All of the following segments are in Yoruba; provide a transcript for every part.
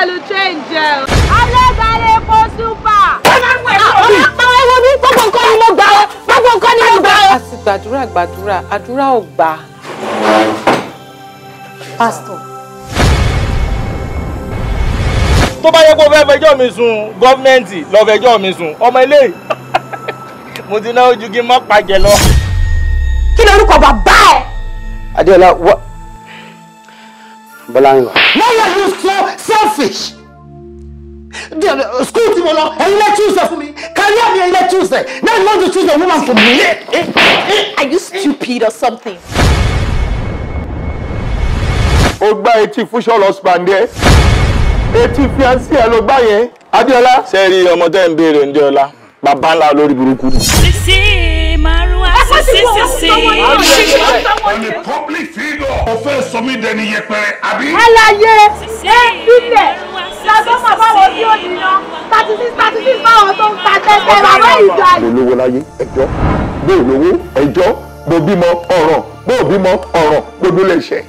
pẹ̀lú change ẹ̀. alẹ́gbẹ̀rẹ̀ epo super. ọlọ́pàá ẹwọ mi gbogbo nǹkan ni mo gbà ọ́ gbogbo nǹkan ni mo gbà ọ́. a sì gbàdúrà gbàdúrà àdúrà ò gbà. pásítọ̀. tó bá yẹ kó fẹ́ fẹjọ́ mi sùn gọ́fíńmẹ́ǹtì lọ fẹjọ́ mi sùn ọmọ ilé mo ti náwó ju kí n má pàjẹ́ lọ. kí lorúkọ bàbá ẹ. adéọlá wọ́n. Bọ́láńlọ. Why are you so selfish? Eh, school ti mo lọ, ẹ̀yin lẹ choose fún mi. Career mi ẹ̀yin let choose. Now you want to choose a woman for me. Eh, eh, are you stupid or something? O gbá etí fún ṣọ́ọ̀lọ́ spandẹ́. Etí fiancé ẹ ló gbá yẹn. Adéọlá. Sẹ́ẹ̀rí ọmọ tẹ́ ń béèrè ń jẹ́ ọlá. Bàbá ńlá ni sí sí sí. on a bí ó di yan thirty six thirty six báwọn tó ń ta tẹ́tẹ́ bàbá ìjọ àyè. olówó láyé ẹjọ́ bó olówó ẹjọ́ bó bímọ ọ̀ràn bó bímọ ọ̀ràn gbogbo lẹ́sẹ̀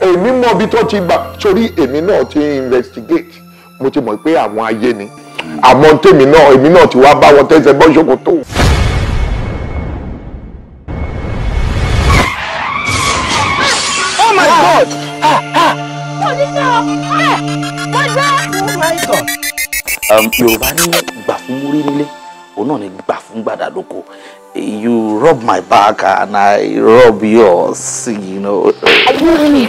èmi mọ ibi tó ti gbà sórí èmi náà ti investigate mo ti mọ̀ pé àwọn ayé ni àmọ́ tèmi náà èmi náà ti wá bá wọn tẹ́sẹ̀ bọ́ Um, yorùbá ní gbà fún múrí nílé òun náà ní gbà fún gbàdá lóko you rub my back and i rub yours you know. are you really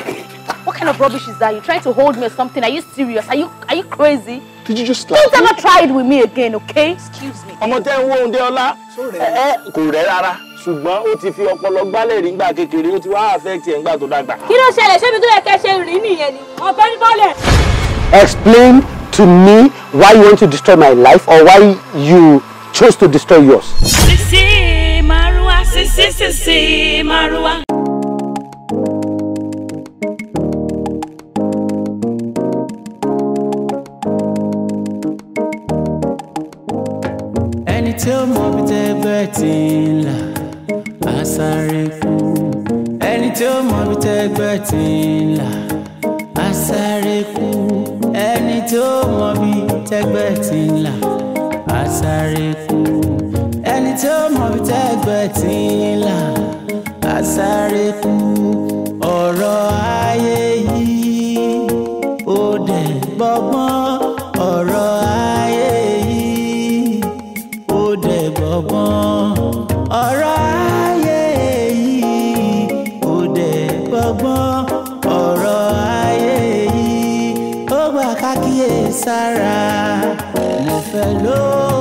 what kind of rubbish is that you trying to hold me or something are you serious are you are you crazy. did you just slap don't ever try it with me again okay. excuse me. ọmọdé ń wo òun dé ọlá kò rẹ rárá ṣùgbọ́n ó ti fi ọpọlọ gbálẹ̀ rí ngbà kékeré ó ti wá affect ẹ̀ ngbà tó dàgbà. kí ló ṣẹlẹ̀ ṣé mi tó yẹ kẹ́ ṣe rìn nìyẹn ni ọ̀gbẹ́ni bọ́lẹ̀. explain to me why you want to destroy my life or why you chose to destroy yours. sisi maruwa sisi sisi maruwa. ẹni tí ó mọ̀ bí sáré kú ẹni tí ó mọ bí tẹ́gbẹ́ ti ń là á sáré kú ẹni tí ó mọ bí tẹ́gbẹ́ ti ń là á sáré kú ẹni tí ó mọ bí tẹ́gbẹ́ ti ń là á sáré kú. kákíyèsára mo fẹ́ lóò.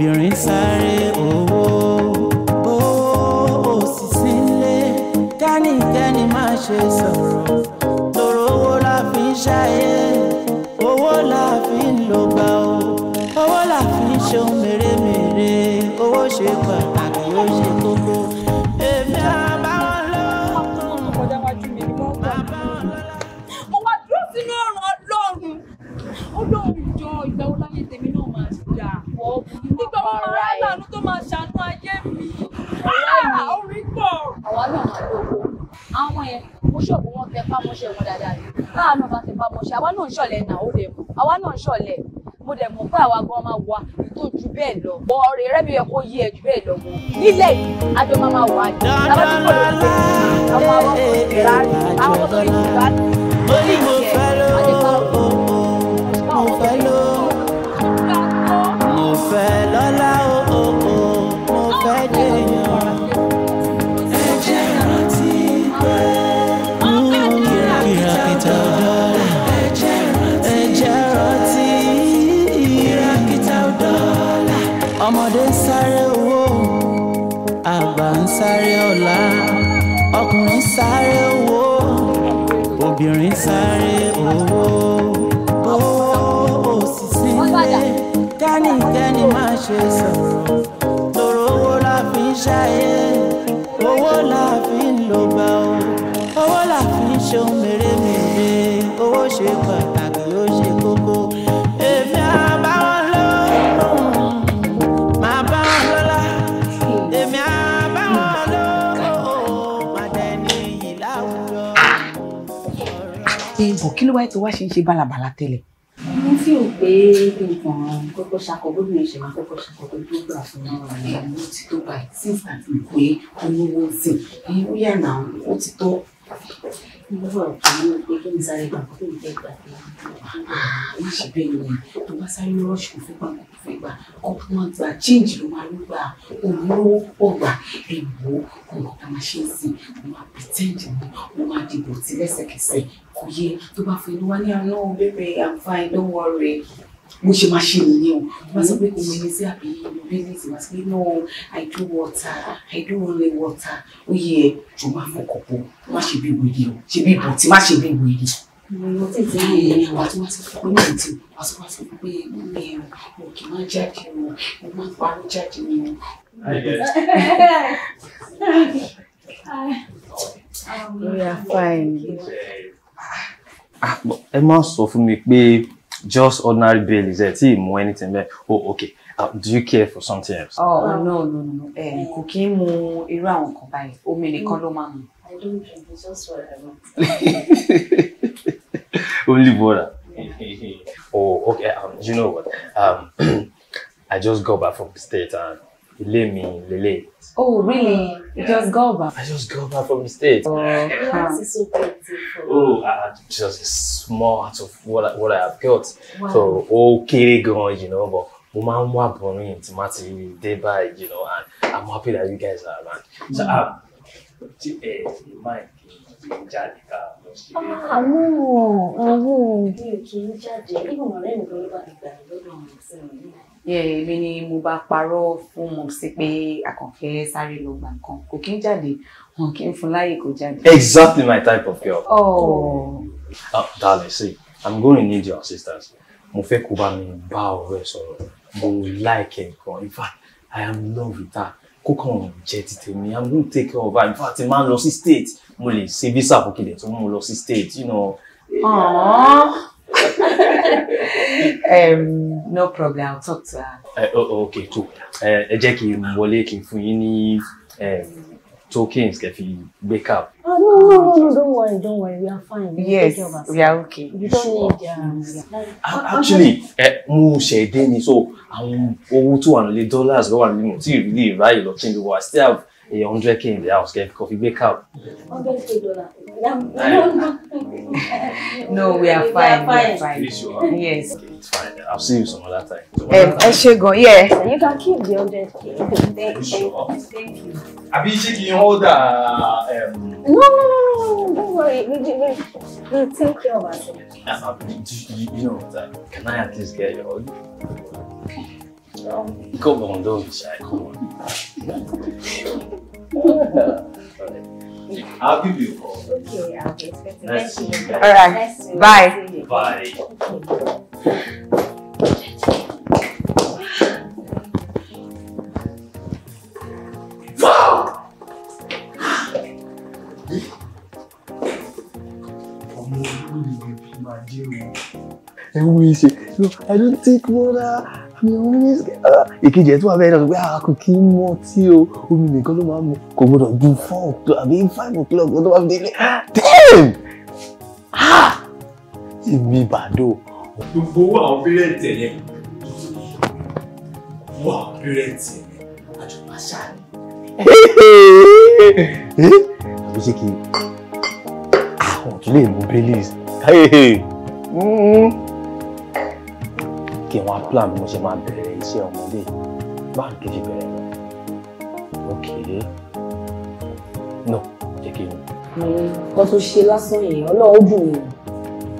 obìnrin sáré owó owó òsì sílé kẹ́nikẹ́ni má ṣe sọ. táwa náà bá ti bá mọ̀ ṣe àwa náà ń ṣọ̀lẹ̀ náà ó dẹ̀ mọ̀ àwa náà ń ṣọ̀lẹ̀ mo dẹ̀ mọ̀ pé àwa gan máa wà tó ju bẹ́ẹ̀ lọ bọ́ ọ̀rẹ́ rẹ́ mi yẹ yí ẹ ju bẹ́ẹ̀ lọ wọ nílẹ̀ yìí àjọ máa máa wà ní tábà tí kò lóde àwọn àwọn ọmọ ìlera àwọn ọmọ ìlera mo ní mo fẹ́ ló mo fẹ́ ló mo fẹ́ lọ́lá sáré ọ̀la ọkùnrin sáré owó obìnrin sáré owó owó òsìsí lé kẹ́nìkẹ́nì má ṣe sọ̀rọ̀ tòrò owó la fi ń ṣayé owó la fi ń lògbà o owó la fi ń ṣe ohun mèremère owó ṣe pàtàkì. ẹ bọ̀ kí ló wáyé tó wá ṣe ń ṣe bálabàla tẹ́lẹ̀. mo fi hàn pé kí n kàn kọ́kọ́ ṣakọ bóbi ẹ̀ ṣe máa kọ́kọ́ ṣakọ tó gbà fún ọ̀rọ̀ ẹ̀ ó ti tó báyìí since àti pé olówó sìn ó yà náà ó ti tó má ṣe I'm fine don't worry mo ṣe máa ṣe nìyẹn o wọ́n sọ pé kò mọ ẹni sí àbí inú bínísì wọ́n sọ pé no i do water i do only water ó yẹ ẹ jù máa fọkàn pọ̀ má ṣe bí wèrè o ṣe bí ìbọ̀tí má ṣe bí wèrè. mo tètè ní wàá tún wá sí fún mi tí wàá tún wá sí fún mi mi o kì í máa jáde o mo máa parọ́ jáde ni o. ó yà fáìlì. ẹ má sọ fún mi pé just ordinary bail is it tí mu anything bẹ́ẹ̀ oh okay uh, do you care for something else. oh no no no no eh, kò kí ń mu irú àwọn nǹkan báyìí omi nìkan ló máa ń mu. I don't drink it's just water. only water. oh okay um, you know what um, I just got back from the state and ilé mi lélẹ̀. oh really you just go back. I just go back from the States. oh that is so beautiful. oh uh, just a small part of what I, what I have got. Wow. so ó kéré gan you know but mo máa ń wá bọ̀rin tí má by, you know and I'm happy that you guys are around. so mm-hmm. um, ti ẹ ti máa kí n jáde ká lọ sí. àwọn ah, àwọn mi ò kì í jáde nínú ọ̀rẹ́ mi ló bá ìgbà lọ́dọ̀ ọ̀hún sí mi nígbà èmi ni mo bá parọ́ fún mọ̀ sí pé àkànfẹ́ sáré lọ gbà nǹkan kò kí ń jáde wọn kì í fún láyè kó jáde. exactly my type of girl. Oh. Uh, darling see i'm going to need your assistance mo fẹ́ kó bá mi bá ọ̀rẹ́ sọ̀rọ̀ mo like ẹ̀ gan in fact i am in love with her kó kàn jẹ́ ti tèmi i'm going to take care of her in fact máa ń lọ sí state mo lè ṣe visa fún kílẹ̀ tó mú un lọ sí state you know. Aww um, no problem, I'll talk to her. Uh, oh, okay, cool. Eh, ẹ jẹ́ kí n wọlé kí n fún yín ní eh, tokens kẹ́ fi wake up. Oh, no, no, no, no, don't worry, don't worry, we are fine. We yes, we are okay. You don't sure. need um, money. Actually, mo ṣe dé ni so àwọn owó tó wà dollars ló wà nínú tí ìrírí ìráyè lọ kí n lè still have a hundred k in the house, get coffee, wake up. no, we are fine. We are fine. Yes. it's fine. I'll see you some other time. So um, I should go. Yeah. You can keep the hundred k. Thank you. Sure? Thank you. I'll Abi, shaking hold the. Um... No, no, no, no, don't worry. We, we, we, we take care of ourselves. Uh, you, you know what? Uh, can I at least get your hug? Um, come on, don't be shy. Come on. right. I'll give you a call. Okay, I'll be expecting you. All right. Bye. Bye. Wow! I don't take water. mi ò ní ṣe ah, ìkejì ẹ̀ tó wà bẹ́ẹ̀ náà pé a ah, kò kí ń mọ tí o omi nìkan ló máa ń mu kò gbọdọ̀ ju four o'clock àbí five o'clock ló máa ń délé ten ah, èmi bàdó. gbogbo owó àwọn pírẹ́ǹtì ẹ̀ yẹn owó àwọn pírẹ́ǹtì ẹ̀ yẹn àjọpá ṣáà ni. àbí ṣé kí n àwọn tún lè mú baileys kí n wá plan bí mo ṣe máa bẹ̀rẹ̀ iṣẹ́ ọmọdé báńkì ṣe bẹ̀rẹ̀ lọ òkèèrè no jẹ́ kí n. nǹkan tó ṣe lásán yìí ọlọ́run ó dùn yìí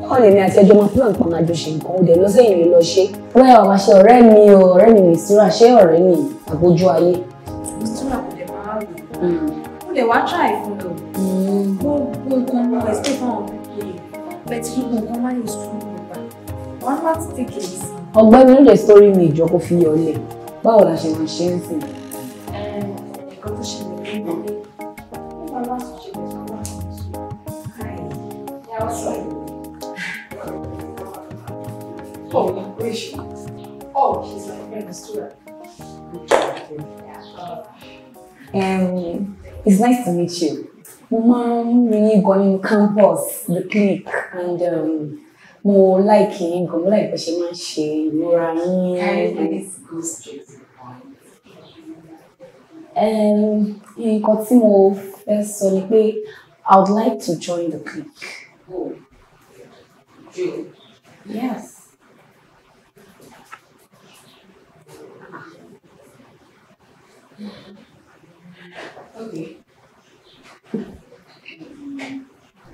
báwo lè ní àti ẹjọ́ máa plan kan máa jọ ṣe nǹkan ó dẹ̀ lọ sẹ́yìn lè lọ ṣe. wẹ́ẹ̀ wàá ṣe ọ̀rẹ́ mi o ọ̀rẹ́ mi lè síra ṣé ọ̀rẹ́ mi àbójú ayé. ìtura kò dẹ̀ máa rò hmm. ó lè wá try fún mi o gbogbo hmm. nǹkan mo escape àwọn ọmọ yìí bẹ́ẹ̀ tí gbogbo nǹkan máa yẹ sùn nípa wọn láti take it easy ọ̀gbẹ́ni ló lè sórí mi ìjọ kó fi yọ lẹ báwo la ṣe máa ṣe ń sìn. ẹ̀ẹ́dẹ̀kan tó ṣẹlẹ̀ nígbà mi nígbà má sùn ṣe lè sọ wá sùn káyì yà wá sọ Oh, gracious. Oh, she's my friend, Astura. Um, it's nice to meet you. Mom, we go in campus, the clique, and um, mo like yín gan mo láìpẹ́ ṣe máa ṣe ìmúra yín. nǹkan tí mo fẹ́ sọ ni pé I would like to join the clique. Oh. Yes. Okay.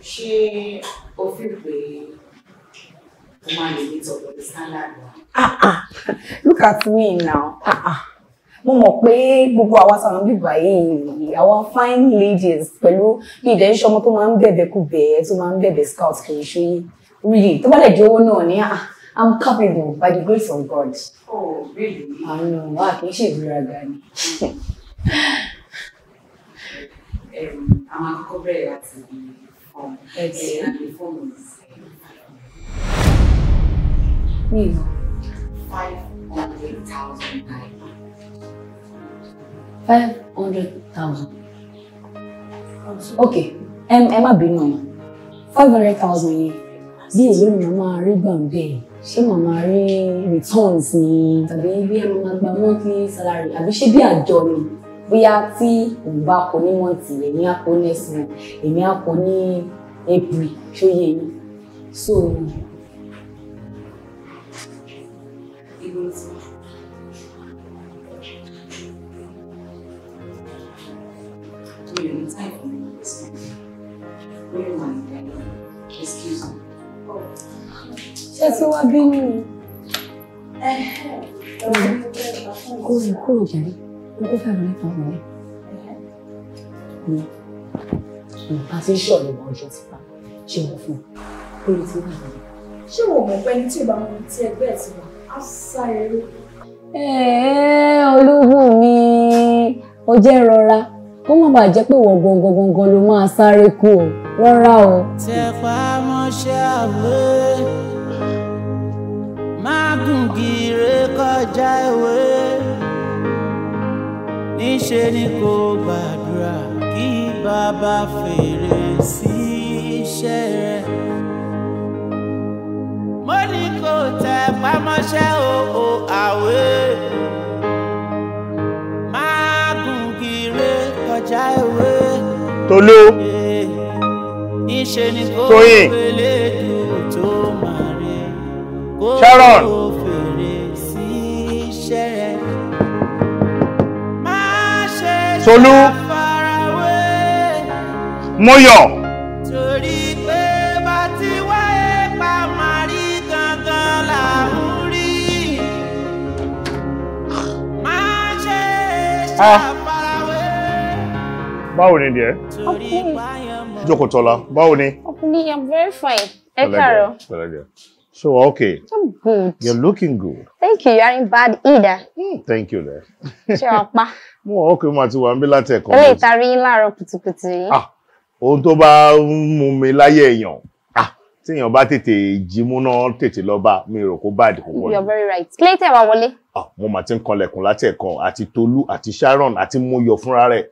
She o Ah ah, Look at me now. Ah ah. Mo mọ̀ pé gbogbo àwa sàmú bíbà yìí, àwọn fine ladies pẹ̀lú bí ìdẹ́ iṣẹ́ ọmọ tó máa ń bẹ̀bẹ̀ kú bẹ̀ẹ́ tó máa ń bẹ̀bẹ̀ scout kì Really, tó bá lè jẹ́ owó náà ní ah, ah, I'm capable by the grace of God. Oh, really? Àánú wa kì í ṣe ìgbéraga ni. Um, àwọn akọ́kọ́ bẹ̀rẹ̀ láti fọ́ọ̀mù. Ẹ̀ ẹ̀ and the form is eh, mi mọ̀. five hundred thousand naira. five hundred thousand. ok ẹ má bínú ọmọ five hundred thousand yẹn bí èlò ni màá rí gbàǹbẹ̀ ṣé màá máa rí returns ni The baby ẹ mama monthly salary àbí ṣé bí àjọ ni bóyá tí òun bá kọ ní monthly. èmi á kọ ní april ṣó yẹ so. ẹ tó wá bínú ni. kúrò kúrò jàre mo kó fẹ́ rẹ̀ kan rẹ̀. nǹkan ń ṣọ̀rọ̀ ọmọ ọjọ́ ti pa ṣé wọ́n fún un kó lè ti wà nínú. ṣé wọ́n mọ̀ pé ẹni tí ìbámu ti ẹgbẹ́ ẹ̀ ti wà á sá eré. ológun mi ó jẹ́ rọra kó má bàa jẹ́ pé ìwọ gangan gangan ló máa sáré kú o rọra o. tẹpá mọ́ṣẹ́ àwẹ̀ mágùngì ré kọjá ìwé níṣe ni kò gbàdúrà kí bàbá fèrè sí iṣẹ́ rẹ̀. mo ní kò tẹ pamọ́ṣẹ́ òhò àwé mágùngì ré kọjá ìwé. Tolú. níṣe ni kò gbélé dùn. Sharon. Solu. Móyọ̀. Torí pé bá ti wá ipa máa rí gangan là ń rí. Máa Báwo ni díẹ̀? Jókòó Tọ́lá, báwo ni? Ọkùnrin, I'm very fine. Ẹ káàárọ̀. Pẹ̀lẹ́ So okay. I'm good. You're looking good. Thank you. You aren't bad either. Hmm. thank you, there. Ṣé Mo okay, ma àti wàmí láti ẹ̀kọ́. Eré ìtarí yín láàárọ̀ kùtùkùtù yìí. Ah, ohun tó bá ń mi láyé èèyàn. Ah, tí èèyàn bá tètè jí múná tètè lọ bá mi rò kó báàdì kó wọlé. You're very right. Kílé wa wole. Ah, mo mà ti ń kanlẹ̀kùn láti Ati Tolu, ati àti Sharon àti Moyọ̀ fúnra rẹ̀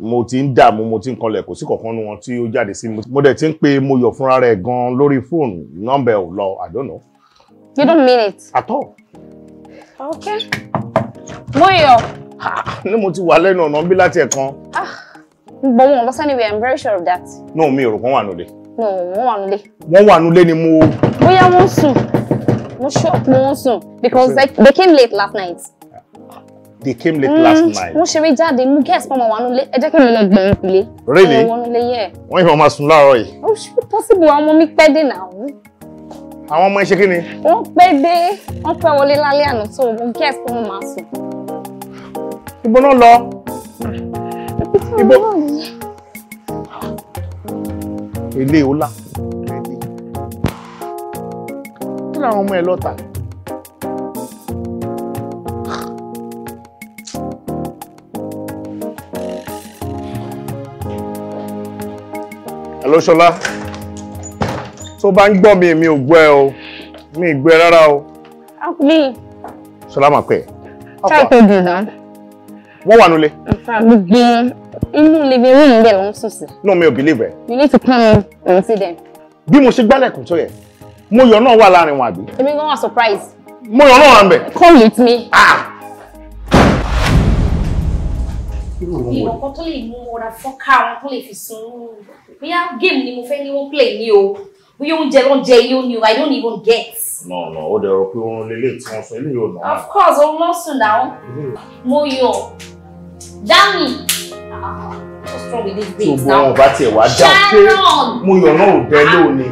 mo ti ń dààmú mo ti ń kanlẹ̀ kò sí kankan nu wọn tí ó jáde sí mi mo dẹ̀ ti ń pe mo yọ̀ fúnra rẹ̀ gan lórí fóònù nọ́mbẹ̀ ò lọ I don't know. you don't mean it. at all. okay. mo yọ. ní mo ti wà lẹ́nu ọ̀nà bí láti ẹ̀kan. gbọ́n ah, wọn lọ sẹ́ni I'm very sure of that. no mi ò rò wọ́n wà nulẹ̀. no wọ́n wà nulẹ̀. wọ́n wà nulẹ̀ ni mo. bóyá wọ́n sùn mo ṣọ́ọ̀pù wọ́n sùn because they, they came late last night they came late mm. last night. wọ́n ṣeré jáde mú guest mọ́ wọn nulẹ̀ ẹ jẹ́ kí mi lọ gbẹ̀ wọn kulẹ̀. really ẹ wọn nulẹ̀ yẹ. wọ́n yìnbọn máa sùn láàárọ̀ yìí. ó oh, ṣe possible àwọn ọmọ mi pẹ́ dé náà. àwọn ọmọ ẹ ṣe kí ni. wọ́n pẹ́ dé wọ́n pẹ́ wọlé lálẹ́ àná tó wọn guest mọ́ máa sùn. ibo náà lọ. ibo ilé ìwúlà. kí làwọn ọmọ ẹ lọ tà? Hello Ṣọlá. Tó bá ń gbọ́ mi, mi ò gbọ́ ẹ o. Mi ì gbọ́ ẹ rárá o. Akuli. Ṣọlá máa pè é. Ṣáà pé dùdà. Wọ́n wà nulẹ̀. Gbogbo inú living room bẹ́ẹ̀ ló ń sùn sí. No, mi ò believe ẹ. You need to come and see them. Bí mo ṣe gbálẹ̀kùn tó yẹ, Moyọ̀ náà wà láàrin wọn àbí. Èmi gan wà surprise. Moyọ̀ náà wà ń bẹ̀. Come with me. Ah! ìkọ̀kan tó lè mú ọ̀rá fọ́ká wọn tó lè fi sun bóyá game ni mo fẹ́ ní wọ́n play ní o bóyá oúnjẹ ló ń jẹ ilé oní o I don't even get. no no ó dẹ̀rọ pé oorun lélẹ̀ tí wọ́n sọ eléyìí ò náà. of course oorun ló sùn náà mo yọ dami what's wrong with this babe now. ṣùgbọ́n ọba tiẹ̀ wá dá pé mo yọ náà ò bẹ́ẹ̀ lónìí.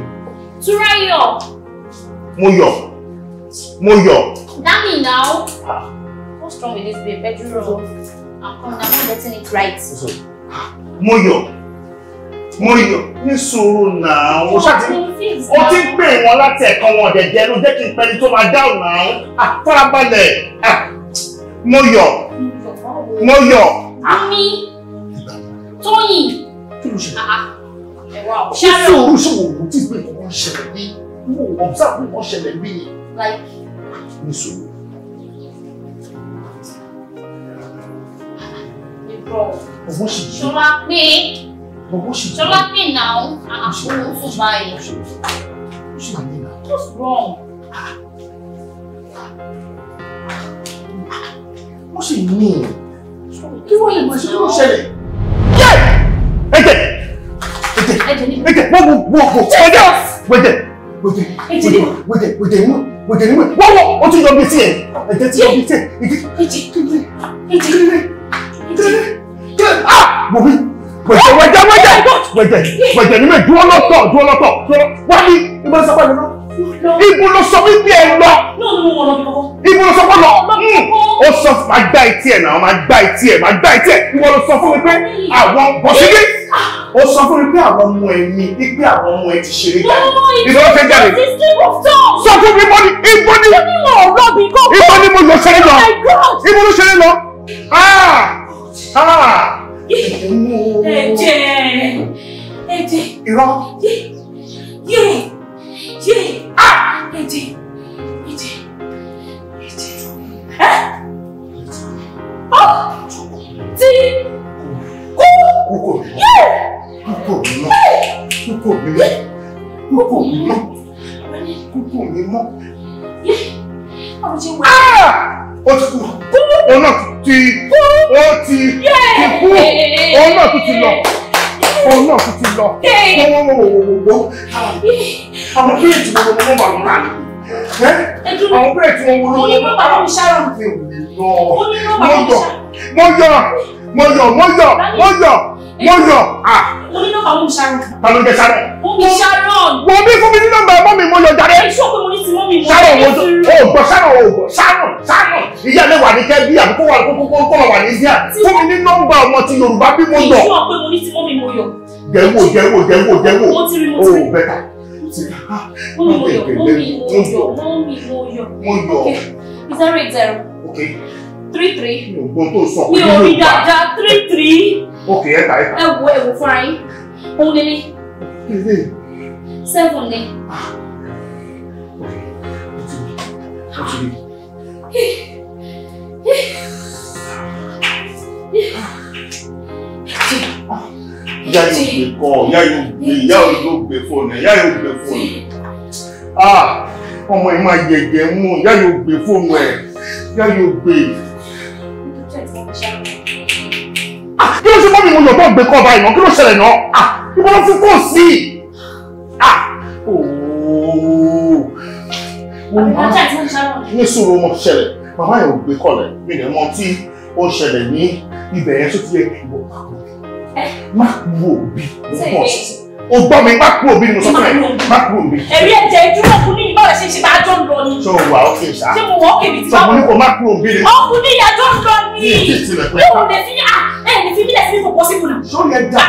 túráyọ̀. mo yọ mo yọ. dami now what's wrong with this babe ẹ dúró. How come I'm not getting it right? So, Moyo. Moyo, ní sùúrù náà. Mo ṣáà ti ó ti ń pè wọ́n láti ẹ̀kan wọn ọ̀dẹ̀dẹ̀ ló jẹ́ kí n pẹ́ni tó máa dáhùn náà. Àfarabalẹ̀. Moyo. Moyo. Ami. Tóyìn. Kí ló ṣe? Ah, ah. Ẹ̀wà ọ̀. Ṣé sùúrù ṣòwò tí ìgbẹ́ ìkọ̀kọ̀ ṣẹlẹ̀ bí? Mo ò ọ̀bùsà pé wọ́n ṣẹlẹ̀ bí. Ní sùúrù. Bro. But what she do? Ṣọlá pé. But what she do? Ṣọlá pé now. Ah, she won't so buy it. She can't be now. What's wrong? Ah. What she mean? Kí wọ́n lè mọ̀ ṣe kí ló ṣẹlẹ̀? Yẹ́! Ẹ̀jẹ̀! Ẹ̀jẹ̀! Ẹ̀jẹ̀! Wọ́n wọ́n wọ́n wọ́n! Ẹ̀jẹ̀! Wẹ̀jẹ̀! Wẹ̀jẹ̀! Ẹ̀jẹ̀! Wẹ̀jẹ̀! Wẹ̀jẹ̀! Wẹ̀jẹ̀! Wẹ̀jẹ̀! Wọ́n wọ́n! O tún yọ bí tiẹ̀! Ẹ̀jẹ̀ ti yọ bí tiẹ̀! Ẹ̀jẹ̀! Ẹ̀jẹ̀! Ẹ̀jẹ̀! Ẹ̀jẹ̀! wò mí wẹ̀jẹ̀ wẹ̀jẹ̀ wẹ̀jẹ̀ wẹ̀jẹ̀ wẹ̀jẹ̀ ni mẹ́ dúró lọ́tọ̀ dúró lọ́tọ̀ wọ́n ní ìbọn sọ́kọ́ ni wọ́n ibu ló sọ wípé ẹ lọ ibu ló sọ fún lọ ó sọ fún máa gbá etí ẹ náà máa gbá etí ẹ máa gbá etí ẹ ìwọ ló sọ fún mi pé àwọn bọ̀sídé ó sọ fún mi pé àwọn ọmọ ẹ mi wípé àwọn ọmọ ẹ ti ṣeré jáde ìbọn ló fẹ́ jáde sọ fún mi bọ́ni ibo ni ibo ni mo lọ ṣeré lọ ibo ló ṣeré lọ ẹ̀jẹ̀ ẹ̀jẹ̀ irọ́ yé yé yé ah! ẹ̀jẹ̀ ẹ̀jẹ̀ ẹ̀jẹ̀ ẹ̀ ọ́ ti kú yé kúkò mi mọ́ kúkò mi mọ́ kúkò mi mọ́ kúkò mi mọ́ ah! ó ti kú òun náà ti ó ti ti kú òun náà tún ti lọ òun náà tún ti lọ wọ́wọ́wọ́wọ́wọ́ àwọn bíréètì wọn wọ́n wà lọ́la àwọn bíréètì wọn wọ́n lọ́la wọ́n bá mi ṣáà mi ò lè lọ mo yọ mo yọ mo yọ mo yọ mo yọ mo yọ ah mo ní nọ́mbà mọ́mí Sharon. ta ló ń jẹ Sharon. mọ́mí Sharon. wo bí fún mi ní nọ́mbà mọ́mí mo yọ jáde. ẹ ṣọ́ pé mo ní ti mọ́mí mo. Sharon wo o gbọ́ Sharon o gbọ́ Sharon Sharon ìyá mi wà ní kẹ́bí àbúkọ́ wà kókó kókó wà ní India fún mi ní nọ́mbà ọmọ ti Yorùbá bí mo yọ. ìṣọ́ pé mo ní ti mọ́mí mo yọ. jẹ́wọ́ jẹ́wọ́ jẹ́wọ́ jẹ́wọ́ o bẹ́ta. mọ́mí mo yọ mọ́mí mo yọ. Oh, mo yọ. zero eight zero. okay. three three. mi ò rí dáadáa three three ok ẹ ta ẹ ta. ẹ wo ẹ wo fúnra yín òun lè ní. ilé. seven ni. ok mo ti rí mo ti rí. ìyá yóò gbé kọ ìyá yóò gbé ìyá yóò gbé fóònù ìyá yóò gbé fóònù ọmọ ẹ máa yẹ̀yẹ̀ mú ìyá yóò gbé fóònù ẹ ìyá yóò gbé. Ah, kí ló ṣe mọ́mí mo yọ̀gbọ́n gbé kọ́ báyìí náà kí ló ṣẹlẹ̀ náà ah ìbọn ló fi kó sí i ah ooo. àbíkọ́jà tí ó ń ṣàlọ́. ní sùúrù mo ṣẹlẹ̀ màmá yẹn ò gbé kọ́lẹ̀ mi ní mọ tí ó ṣẹlẹ̀ ní ibẹ̀ yẹn tó ti yẹ kí n bọ̀ eh? má wo bí mo pọ̀ sí o gbọ́ mi má kúrò bí ni mo sọ fún ẹ má kúrò bí. ẹ̀rí ẹ̀jẹ̀ ìdúró kù ní ìbára ṣe ṣe máa jọ ń lọ ni. ṣé o wà ó kè sá. ṣé mo wọ́ kèmí tí wọ́n. sọmọ ní kò má kúrò bí ni. ọkùn ní ìyàjọ́ ń lọ ni. mi kì í tilẹ̀ pẹ́. mi ò lè fi ah, ẹ lè fi mílẹ̀ sí mi kò pọ̀ sí mu náà. sórí ah, ẹ dà.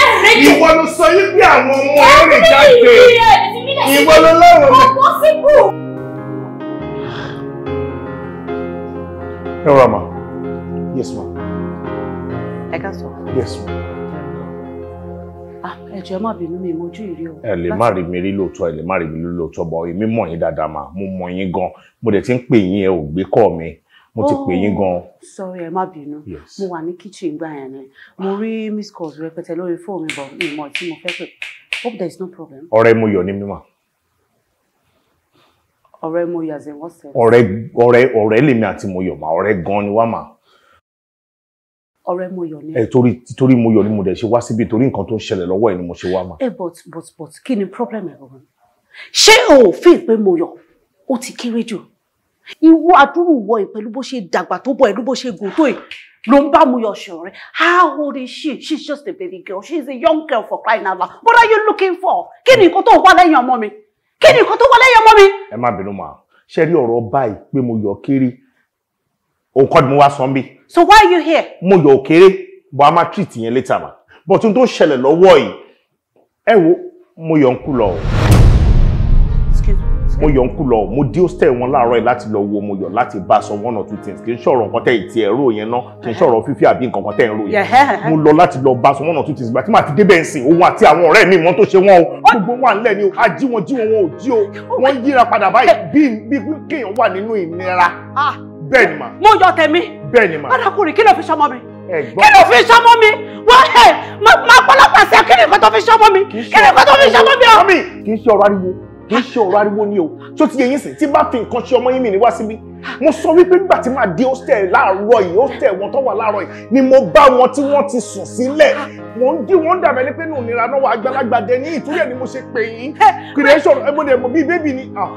ẹ rẹ jẹ. ìwọ ló sọ yí bí àwọn ọmọ ẹ rìn jáde. ìwọ ló lọ́wọ́ mi. ọ̀pọ̀ sí kù. ẹ rọra ma yes ma. ẹ ká sọ. yes ma ẹ má bínú mi ìmojú ìrí o. ẹ lè má rí mi rí lóòótọ́ ẹ lè má rí mi rí lóòótọ́ bọ́ èmi mọ̀ yín dáadáa mà mo mọ̀ yín gan mo dẹ̀ ti ń pè yín ẹ ò gbé kọ́ mi mo ti pè yín oh, gan. sorry ẹ má bínú mo wà ní kitchen gbà yẹn ni mo rí miss calls rẹpẹtẹ lórí fóònù bọ mi mọ tí mo fẹ́ pè hope there is no problem. ọ̀rẹ́ mo yọ ní mímọ. ọ̀rẹ́ mo yà wọn sẹ. ọ̀rẹ́ ọ̀rẹ́ ọ̀rẹ́ lèmi àti mo yọ mà ọ̀rẹ́ gan ni wá mà ọ̀rẹ́ mo yọ ni. ẹ torí torí mo yọ ni mo dẹ̀ ṣe wá síbi torí nǹkan tó ń ṣẹlẹ̀ lọ́wọ́ ẹ ni mo ṣe wá ma. ẹ eh, but but but kí ni problem ẹ gbọ́n ṣé o ò fi ìpè mo yọ ó ti kéré jù irú àdúrú wọ ẹ pẹ̀lú bó ṣe dàgbà tó bọ̀ ẹ ló bó ṣe gùn tó ẹ ló ń bá mu yọ ṣọ̀rẹ́ how old is she she's just a baby girl She is a young girl for crying out loud what are you looking for kí ni nǹkan tó wà lẹ́yìn ọmọ mi kí ni nǹkan tó wà lẹ́yìn ọmọ mi. ẹ má bínú màá ṣe rí ọ̀rọ̀ báyìí pé mo yọ kiri òun kọ́ ni mo wá sọ so why are you here. mo yọ òkèrè bọ́ a máa treat yẹn later ma but n tó ṣẹlẹ̀ lọ́wọ́ yìí ẹ wo mo yọ nkú lọ. mo yọ nkú lọ mo dí hostel wọn láàárọ̀ yìí láti lọ wo mo yọ láti bá a sọ one or two things kì í ṣọ̀rọ̀ nǹkan tẹ̀ ìtì ẹ̀rọ yẹn náà kì í ṣọ̀rọ̀ fífi àbí nǹkan kan tẹ̀ ẹ̀rọ yẹn mo lọ láti lọ bá a sọ one or two things ìgbà tí màá ti débẹ̀ nsìn òun àti àwọn ọ̀rẹ́ mi mọ́ tó ṣe wọ́n o gbogbo wà nílẹ̀ ni o a jí wọn jí wọn wọn ò jí o oh wọ́n yíra padà báyìí bí kéèyàn wà nínú ìnira. Ah bẹ́ẹ̀ ni mà. mo yọ tẹ̀mí. bẹ́ẹ̀ ni mà. bàdàkùnrin kí ló fi sọmọ mi. ẹ̀gbọ́n kí ló fi sọmọ mi. wọ́n ẹ̀ máa pọ́lọ́pàá sẹ́ kí ni nǹkan tó fi sọmọ mi. kí ni nǹkan tó fi sọmọ mi o. kì í ṣe ọ̀rọ̀ ariwo kì í ṣe ọ̀rọ̀ ariwo ni o tó ti yẹ yín sìn tí bá fi nǹkan ṣe ọmọ yín mi ní wá síbí mo sọ wípé nígbà tí màá di hostel láàárọ̀ yìí hostel wọn tó wà láàárọ̀ yìí ni mo bá wọn tí wọ́n ti sùn sílẹ̀ mò ń dí wọ́n dàbẹ̀ ní pé nù nira náà wà àgbàlagbà ní ìtúrẹ̀ ni mo ṣe pè yín creation ẹgbẹ́ dẹ̀ mo bíi bébì ni ah,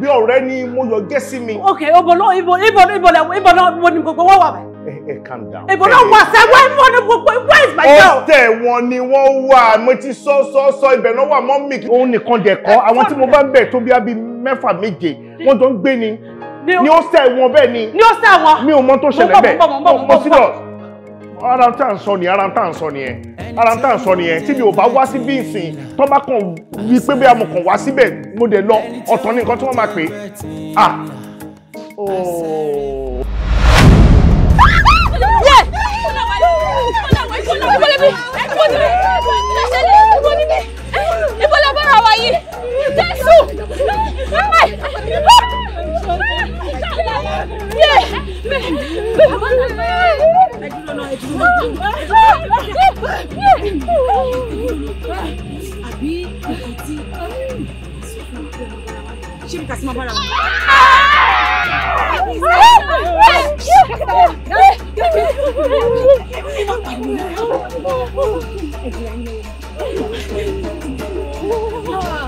bí ọ̀rẹ́ ni mo yọ gẹ́ mi. ok ibo náà ibo ibo ibo ibo náà ibo ni gbogbo wọn wà bẹ́ẹ̀ ẹ calm down. Èbò náà wà sẹ́, where wọ́n ní gbogbo where is my girl? Ọ̀tẹ̀ wọn ni wọ́n wà, mo ti sọ sọ sọ ibẹ̀ náà wà mọ́ mi. Òun nìkan dẹ̀ kọ́, àwọn tí mo bá ń bẹ̀ tó bí mẹ́fà méje, wọ́n jọ ń gbé ni ni ó sẹ́ wọn bẹ́ẹ̀ ni ni ó sẹ́ wọn mi ò mọ tó ṣẹlẹ̀ bẹ́ẹ̀ mo sí lọ ara ń tà ń sọ nìyẹn ara ń tà ń sọ nìyẹn ara ń tà ń sọ nìyẹn tí mi ò bá wá síbí ìsìn tó bá kàn wí pé bí amọ̀ kàn wá síbẹ̀ mo dẹ̀ lọ ọ̀tọ̀ ní nǹkan tí wọ́n máa pè á. Ibo bára wa yìí? Jésù! Mama! àbí Oh,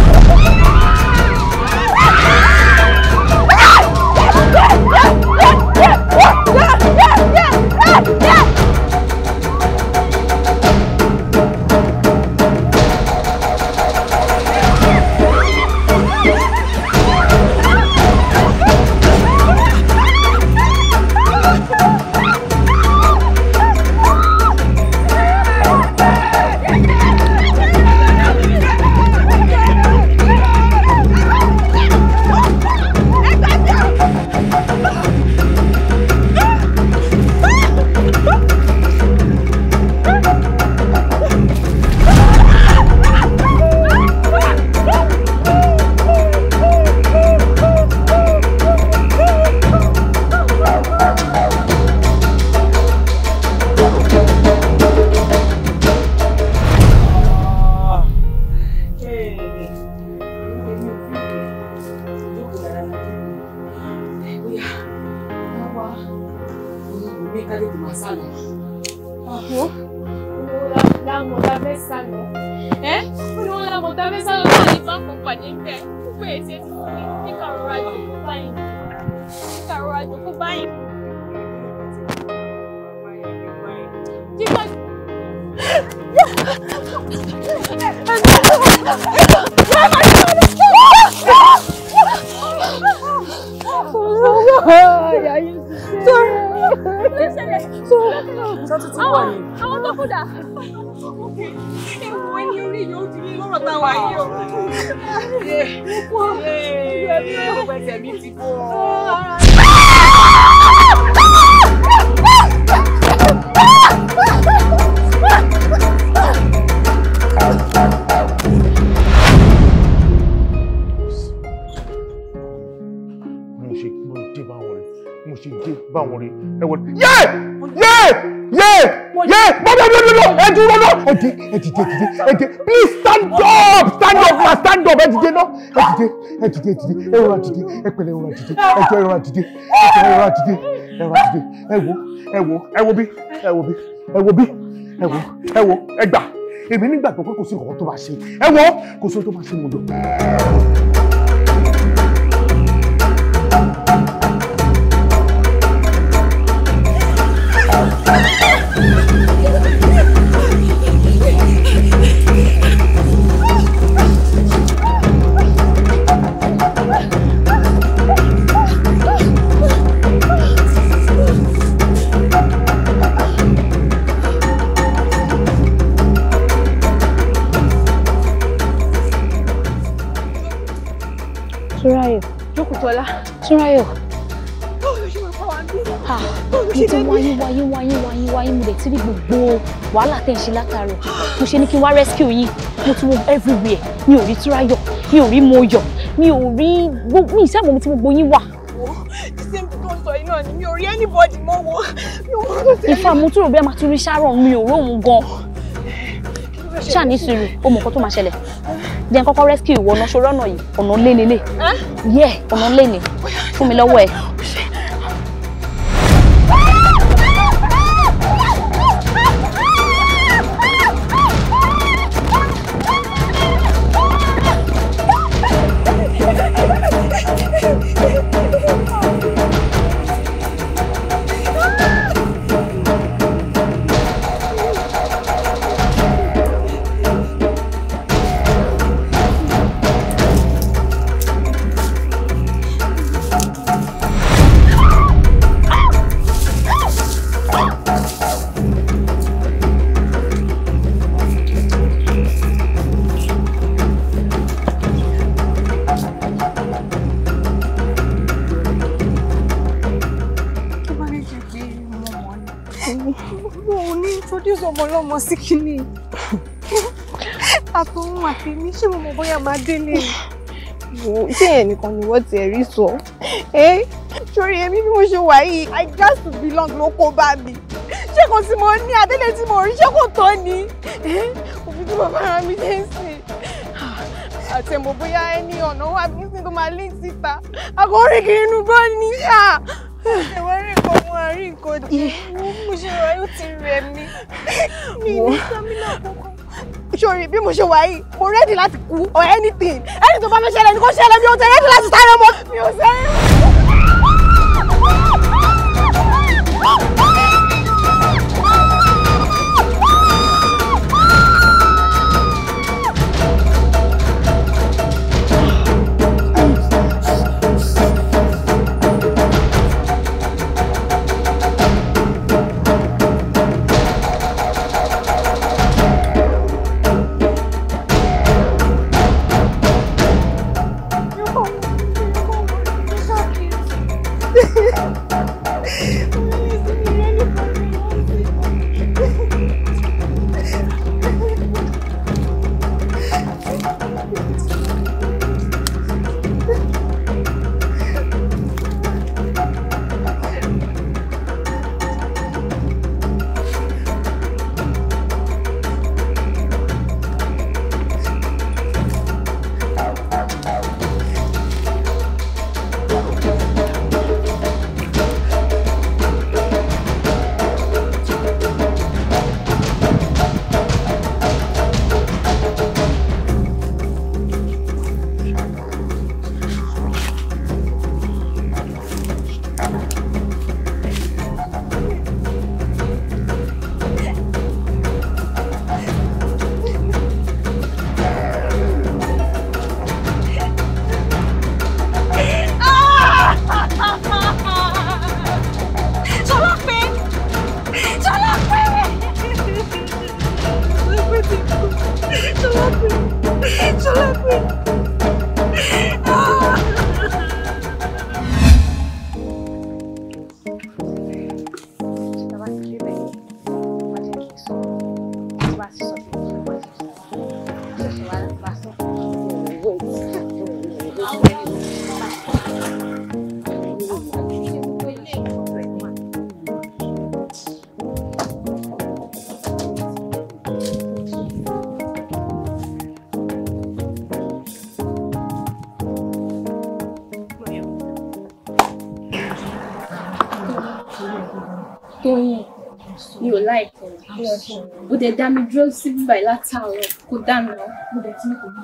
快，快。ẹ dìde dìde ẹ rọra dìde ẹ pẹ̀lẹ́ rọra dìde ẹ jọ rọra dìde ẹ jọ rọra dìde ẹ rọra dìde ẹ wo ẹ wo ẹ wo bí ẹ wo bí ẹ wo bí ẹ wo ẹ wo ẹ gbà èmi nígbàgbọ́ pé kò sí nǹkan tó máa ṣe ẹ wo kò sí nǹkan tó máa ṣe mo lò. Túnráyọ̀ mo ti wáyé wáyé wáyé wáyé wáyé mo dẹ̀ ti rí gbogbo wàhálà tẹ̀ ń rescue yín mo everywhere mi ò rí Túnráyọ̀ mi ò rí Mọ́yọ̀ mi ò rí gbogbo mi ìṣàmọ̀ mi anybody mọ́ wọn mi ò rọ́ọ̀dọ̀ tẹ́lẹ̀. ìfà mo tún rò bí a máa tún rí sharon mi rescue ìwọ ọ̀nà ṣòro ọ̀nà yìí ọ̀nà lélele yẹ fún mi lọ́wọ́ ẹ̀. sí kínní àtòun àti mi ṣé mo mọ̀ bóyá máa délé wo ṣé yẹn nìkan ni wọ́n ti ẹ̀rí sọ ẹ́ sórí èmi bí mo ṣe wà yìí i just to belong ló kó bá mi ṣé kò tí mo ní adélé tí mo rí ṣé kò tó ni òfin tí bàbá ara mi dé sí àtẹ̀mọ̀ bóyá ẹni ọ̀nà wà bí sí tó máa lé síta àkórí kiri inú bọ́ ni ẹ̀wọ́n rí nǹkan mo àrí nǹkan jẹ́ mo ṣe wà yóò ti rẹ̀ mí. mi ní stamina kankan sori bí mo ṣe wà yìí mo ready láti kú or anything ẹni tó bá fẹ́ ṣẹlẹ̀ ni kò ṣẹlẹ̀ mi ò tẹ̀ ready láti sáré mọ́ mi ò sẹ́yìn. dẹ̀ dá mi dúró sí bíbá yìí látàárọ̀ kò dáná mo dẹ̀ tí kò ní.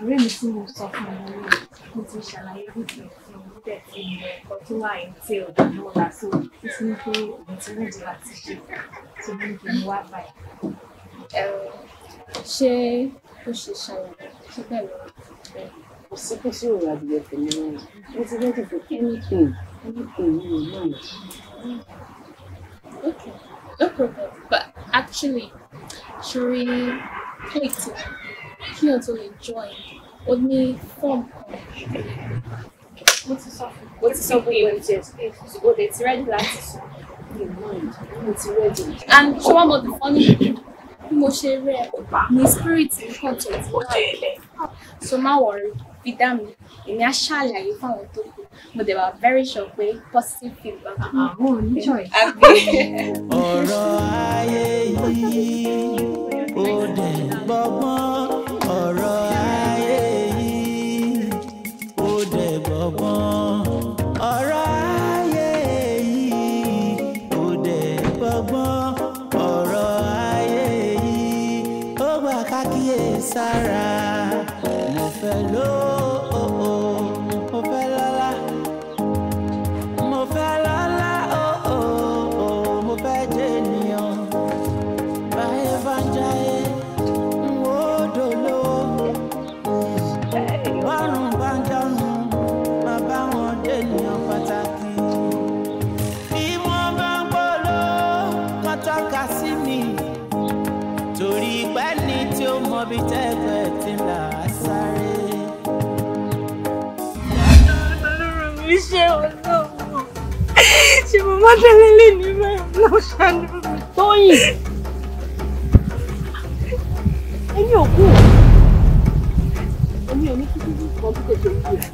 ọ̀rẹ́ mi tí mo sọ fún ọ lórí mo ti ṣàlàyé gbogbo ẹ̀sìn mo dẹ̀ ti mọ ẹ̀kọ́ tó wà ní tí ò ní mo là sí òkú ní pé òun ti rìn jìnnà ti ṣe tó ní kí n wá báyìí. ṣé ó ṣe ṣàlàyé ṣé bẹ́ẹ̀ ló ń possible sí òun adìyẹ tèmi lọ́nà ready for anything anything you know now. okay no problem but actually ṣori plate kí o tó lè join o ní form what is mo ti sọ fún mo ti sọ fún yẹn jẹ o your mind mo ti ready. and show wàá mọ the funny thing bí mo spirit is tó so má worry. fi dá mi èmi á ṣàlàyé fún àwọn tó kù mo dẹ̀ wà very sure pé positive feedback. àwọn ah, ah, ò ní ah, ọ̀rọ̀ ayé yìí ó dẹ̀ gbọ́gbọ́n ọ̀rọ̀ ayé yìí ó dẹ̀ gbọ́gbọ́n ọ̀rọ̀ ayé yìí ó bá délé lè ní báyọ̀ lọ ṣàánú mi. Tóyìn èmi ò kú èmi ò ní kí kíkí kan bí kò ṣe kú rẹ̀.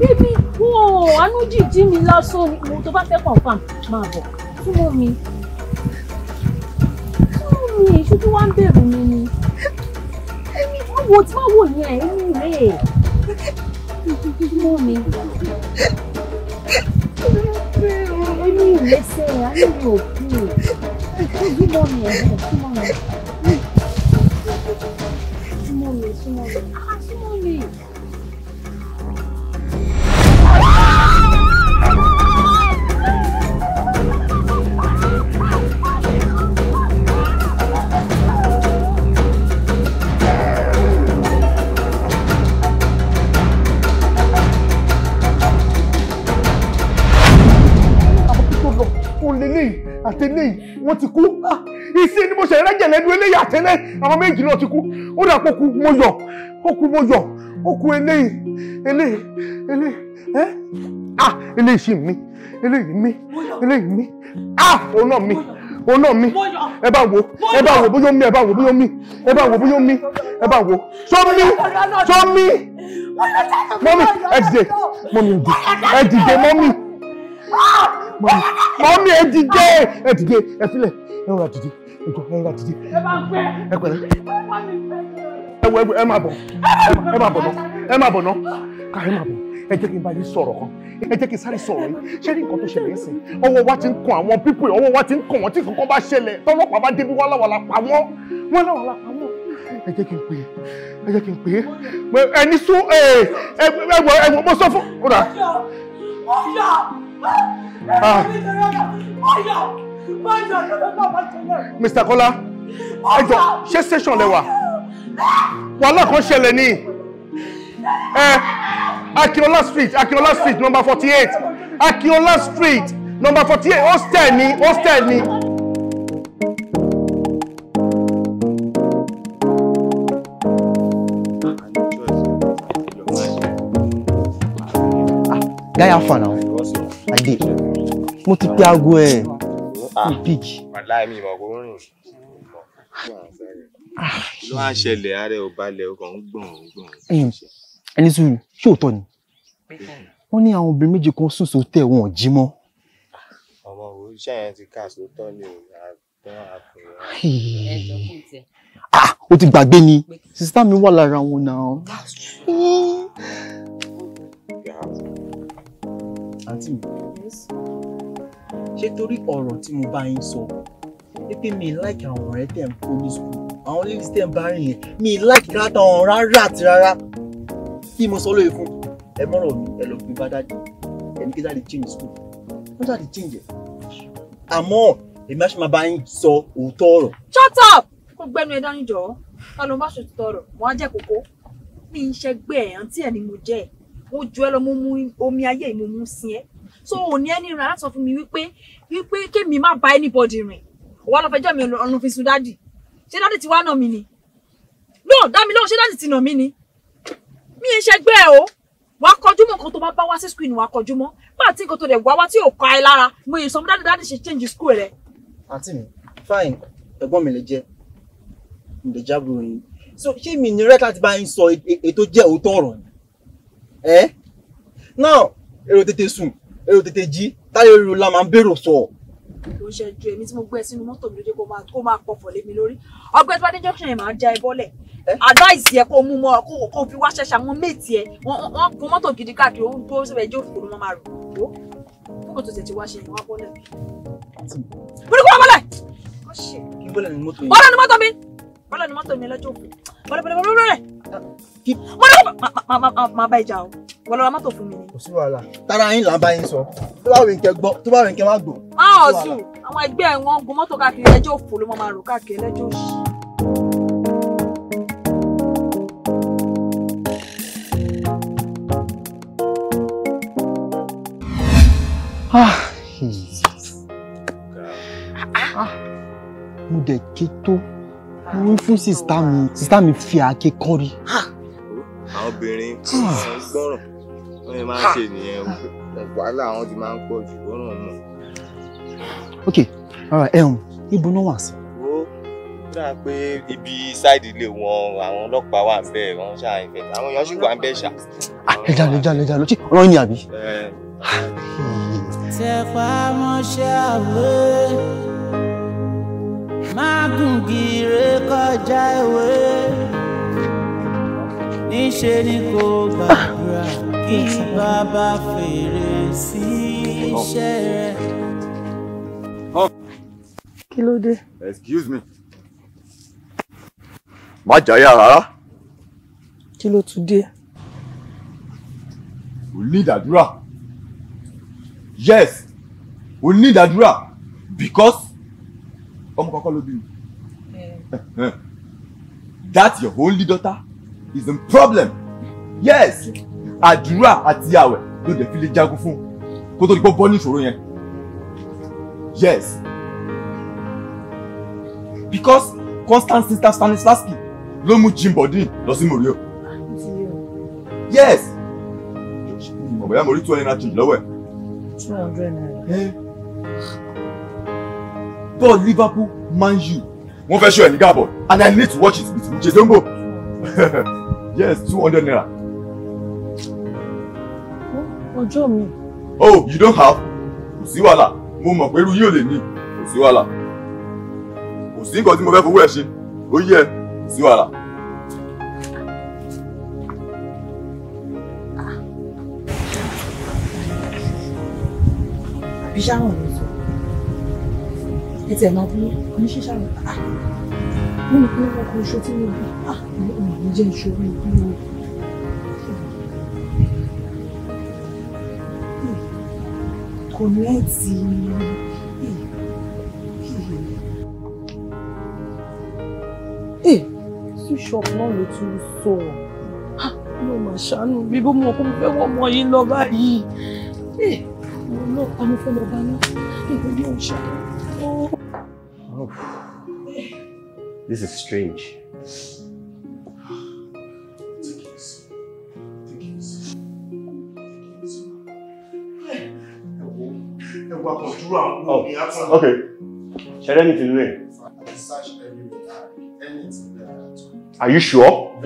Bíbí wo àánú jìjí mi lásán ni mo tó bá fẹ́ confam máa bọ̀ súnmọ́ mi súnmọ́ mi ìṣojú wa ń bẹ̀rù mi ni. Èmi wọ́n wo tí wọ́n muitos momentos. Emília, será, meu filho? Que momento, que momento. Que momento, que momento. Ah, que momento. àtẹlẹ́ yìí wọ́n ti kú ah, ìsí ni mo ṣe rẹ́jẹ̀ lẹ́nu eléyìí àtẹlẹ́ àwọn méjì náà ti kú ó dà pé ó kú mo yọ̀ ó kú mo yọ̀ ó kú eléyìí eléyìí eléyìí ẹ́ ah eléyìí sì mí eléyìí mí eléyìí mí ah òun náà mí òun náà mí ẹ bá wo ẹ bá wo bóyá mí ẹ bá wo bóyá mí ẹ bá wo bóyá mí ẹ bá wo sọ mí sọ mí mọ́mí ẹ dìde mọ́mí ẹ dìde mọ́mí mọ́mí ẹ dìde ẹ dìde ẹ filẹ̀ ẹ rọra dìde ẹ jọ ẹ rọra dìde ẹ pẹ̀lẹ́ ẹ wọ ẹ máa bọ̀ ẹ máa bọ̀ náà ẹ máa bọ̀ náà ká ẹ máa bọ̀ ẹ jẹ́ kí n bá yín sọ̀rọ̀ kan ẹ jẹ́ kí n sáré sọ̀rọ̀ yìí ṣé ní nǹkan tó ṣẹlẹ̀ ẹ̀sìn ọwọ́ wa ti ń kan àwọn pípọ̀ ọwọ́ wa ti ń kan wọ́n tí kankan bá ṣẹlẹ̀ tọ́lọ́pàá bá débi wọ́n láwọn pa wọ́n wọ́n láwọn pa wọ́n ẹ jẹ́ kí n pè ẹ jẹ́ kí n pè é ẹni sún ẹ ẹ ẹ mo sọ fún. ọ̀ṣọ́ ọ̀ṣọ́. Mr. Kola, ẹjọ́ ṣé station lẹ wà? Wàhálà kan ṣẹlẹ̀ ní. Akinola street, Akinola street number forty eight, Akinola street number forty eight, hostel ni, hostel ni. Guy, have fun now dé mo ti pe aago ẹ ní pig. ló wá ń ṣẹlẹ̀ ààrẹ ò balẹ̀ ọkàn ń gbọ̀n ń gbọ̀n. ẹni sùúrù ṣé òótọ́ ni wọ́n ní àwọn obìnrin méje kan sùn sóòtẹ́ wọn ò jí mọ́. ọmọ òwúrọ̀ yẹn ti kà sóòtọ́ ni ò Ah, o ti gbàgbé ni. Sista mi wà lára wọn náà. Àǹtí mi ṣé torí ọ̀rọ̀ tí mo bá yín sọ pé mi like àwọn ọ̀rẹ́ tẹ̀ ń kó ní sùkúl àwọn ladies tẹ̀ ń bá rìn yẹn mi like rárá ọ̀hún rárá àti rárá kí mo sọ lóye fún ẹ mọ́rọ̀ mi ẹ lọ gbin bá dáàdì ẹni kí dáàdì change sùkúl wọ́n dáàdì change ẹ̀ àmọ́ èmi á ṣe máa bá yín sọ òótọ́ ọ̀rọ̀. shut up kó gbẹnu ẹ dání jọ ká ló má ṣètò ọ̀rọ̀ wọn á jẹ kókó mi ń ṣẹgbẹ ẹ àǹtí ẹ ni mo jẹ mo ju ẹ lọ mo mu omi ayé mi mo mu sin ẹ so ò ní ẹni rìn aláṣọ fún mi wípé wípé kémi má bá anybody rìn ọwọ́ lọ́fẹ̀ẹ́jọ́ mi ọ̀nà fi sun dádì ṣé dádì ti wá nà mí ni no dá mi lóhùn ṣé dádì ti nà mí ni mi ì ṣẹgbẹ́ o wà á kọjú mọ́ nǹkan tó bá bá wá sí school ni wà á kọjú mọ́ bá àti nǹkan tó dẹ̀ wá wá tí ò kọ́ ẹ lára mo yẹ sọ fún dádì dádì ṣe change school rẹ. àǹtí mi fine ẹ̀gbọ́n mi lè jẹ́ mi lè jábọ̀ yín so ṣé mi ní rẹ́ta ti bá yín sọ ètò jẹ́ òótọ́ ọ̀rọ̀ ni ẹ́ now èrò tètè sùn èrò tètè jí táyé èrò la máa ń bèrò sọ. ló ṣe ju èmi tí mo gbé sínú mọ́tò mi lójú kó máa kó máa pọ̀fọ̀ lé mi lórí ọgbẹ́ tó bá dé junction yẹn máa já ẹ bọ́lẹ̀ advice yẹ kó mú mọ́ kó kó fi wá ṣẹ̀ṣẹ̀ àwọn méètì ẹ wọ́n gun mọ́tò gidi káàkiri ó ń tó sẹ́fẹ̀ẹ́ jó fòrò mọ́ máa rò ó tó tètè wá ṣe ìwà bọ́lẹ̀. mo ní kó wá bọ́lẹ̀. bọ́lẹ̀ ni mọ́tò mi lọ́jọ́ òkú bọ́lẹ̀ bọ́lẹ̀ bọ́lẹ̀ mo lọ máa bá ìjà o wọ́n lọ́ra mọ́tò fún mi ni. kò sí wàhálà tara yín là ń bá yín sọ tó bá wẹ̀ ń kẹ́ gbọ́ tó bá wẹ̀ ń ah, ah, dẹ̀ ké tó mo wí fún sista mi sista mi fi àáké kán rí. àwọn obìnrin kò sàn gbọ́ràn wọ́n máa ń ṣe nìyẹn wàhálà àwọn ti máa ń pọ̀ jù gbọ́ràn mọ́. ok alright ẹ̀hún ibo náà wà sí. ó dáa pé ibi ṣáìdì ilé wọn àwọn ọlọ́pàá wà ń bẹ̀ wọ́n ṣáà ń fẹ̀ àwọn èèyàn ṣì wà ń bẹ̀ ṣá. Ah, ẹja ló já ló já ló tí ọlọ́run ni àbí. Eh. Ah, hmm. tẹ̀pá mọ́ṣẹ́ àwẹ̀ má gùngì ré kọjá ìwé níṣe ni kò gbàdúrà kí bàbá fèrè sí iṣẹ́ rẹ̀. kí ló dé. excuse me má jáyà rárá. kí ló tún dé. o ní ìdádúrà yes o ní ìdádúrà because ọmọ kọ́kọ́ ló bí mi eh. that your only daughter is a problem yes àdúrà àti àwẹ̀ ló dẹ̀ fi lè jagun fún kó tó di pé bọ́ ní ìṣòro yẹn yes because constant sister Stanislavski ló mú Jim Bodin lọ sí Morio yes ìmọ̀ bóyá two hundred naira change lọ́wọ́ ẹ̀. two hundred naira. Eh? God Liverpool Man U. wọ́n fẹ́ ṣọ́ ẹ̀ ní gàbọ̀ and I need to watch it with Uche Songo yes two hundred naira. ọjọ́ mi. oh you don't have kò sí wàhálà mo mọ̀ pé irú yìí ò lè ní kò sí wàhálà kò sí nǹkan tí mo fẹ́ fowó ẹ̀ ṣe ó yẹ kò sí wàhálà. àbíṣáhùn mi ẹ tiẹ̀ máa dúró ní ṣíṣàrò mo ní kí ló kọ́kọ́ iṣu tí mo bí àmì òun jẹ́ iṣu orí ibi o. kò ní ẹ̀ tí bishop náà ló tún sọ̀rọ̀ ló máa ṣàánú bí bó mọ̀ kó mo fẹ́ wọ́n mọ yín lọ báyìí mo náà pa mo fẹ́ lọ náà èmi ni ò ń ṣàánú. This is strange. Oh, okay. Shall I need to do it? Are you sure?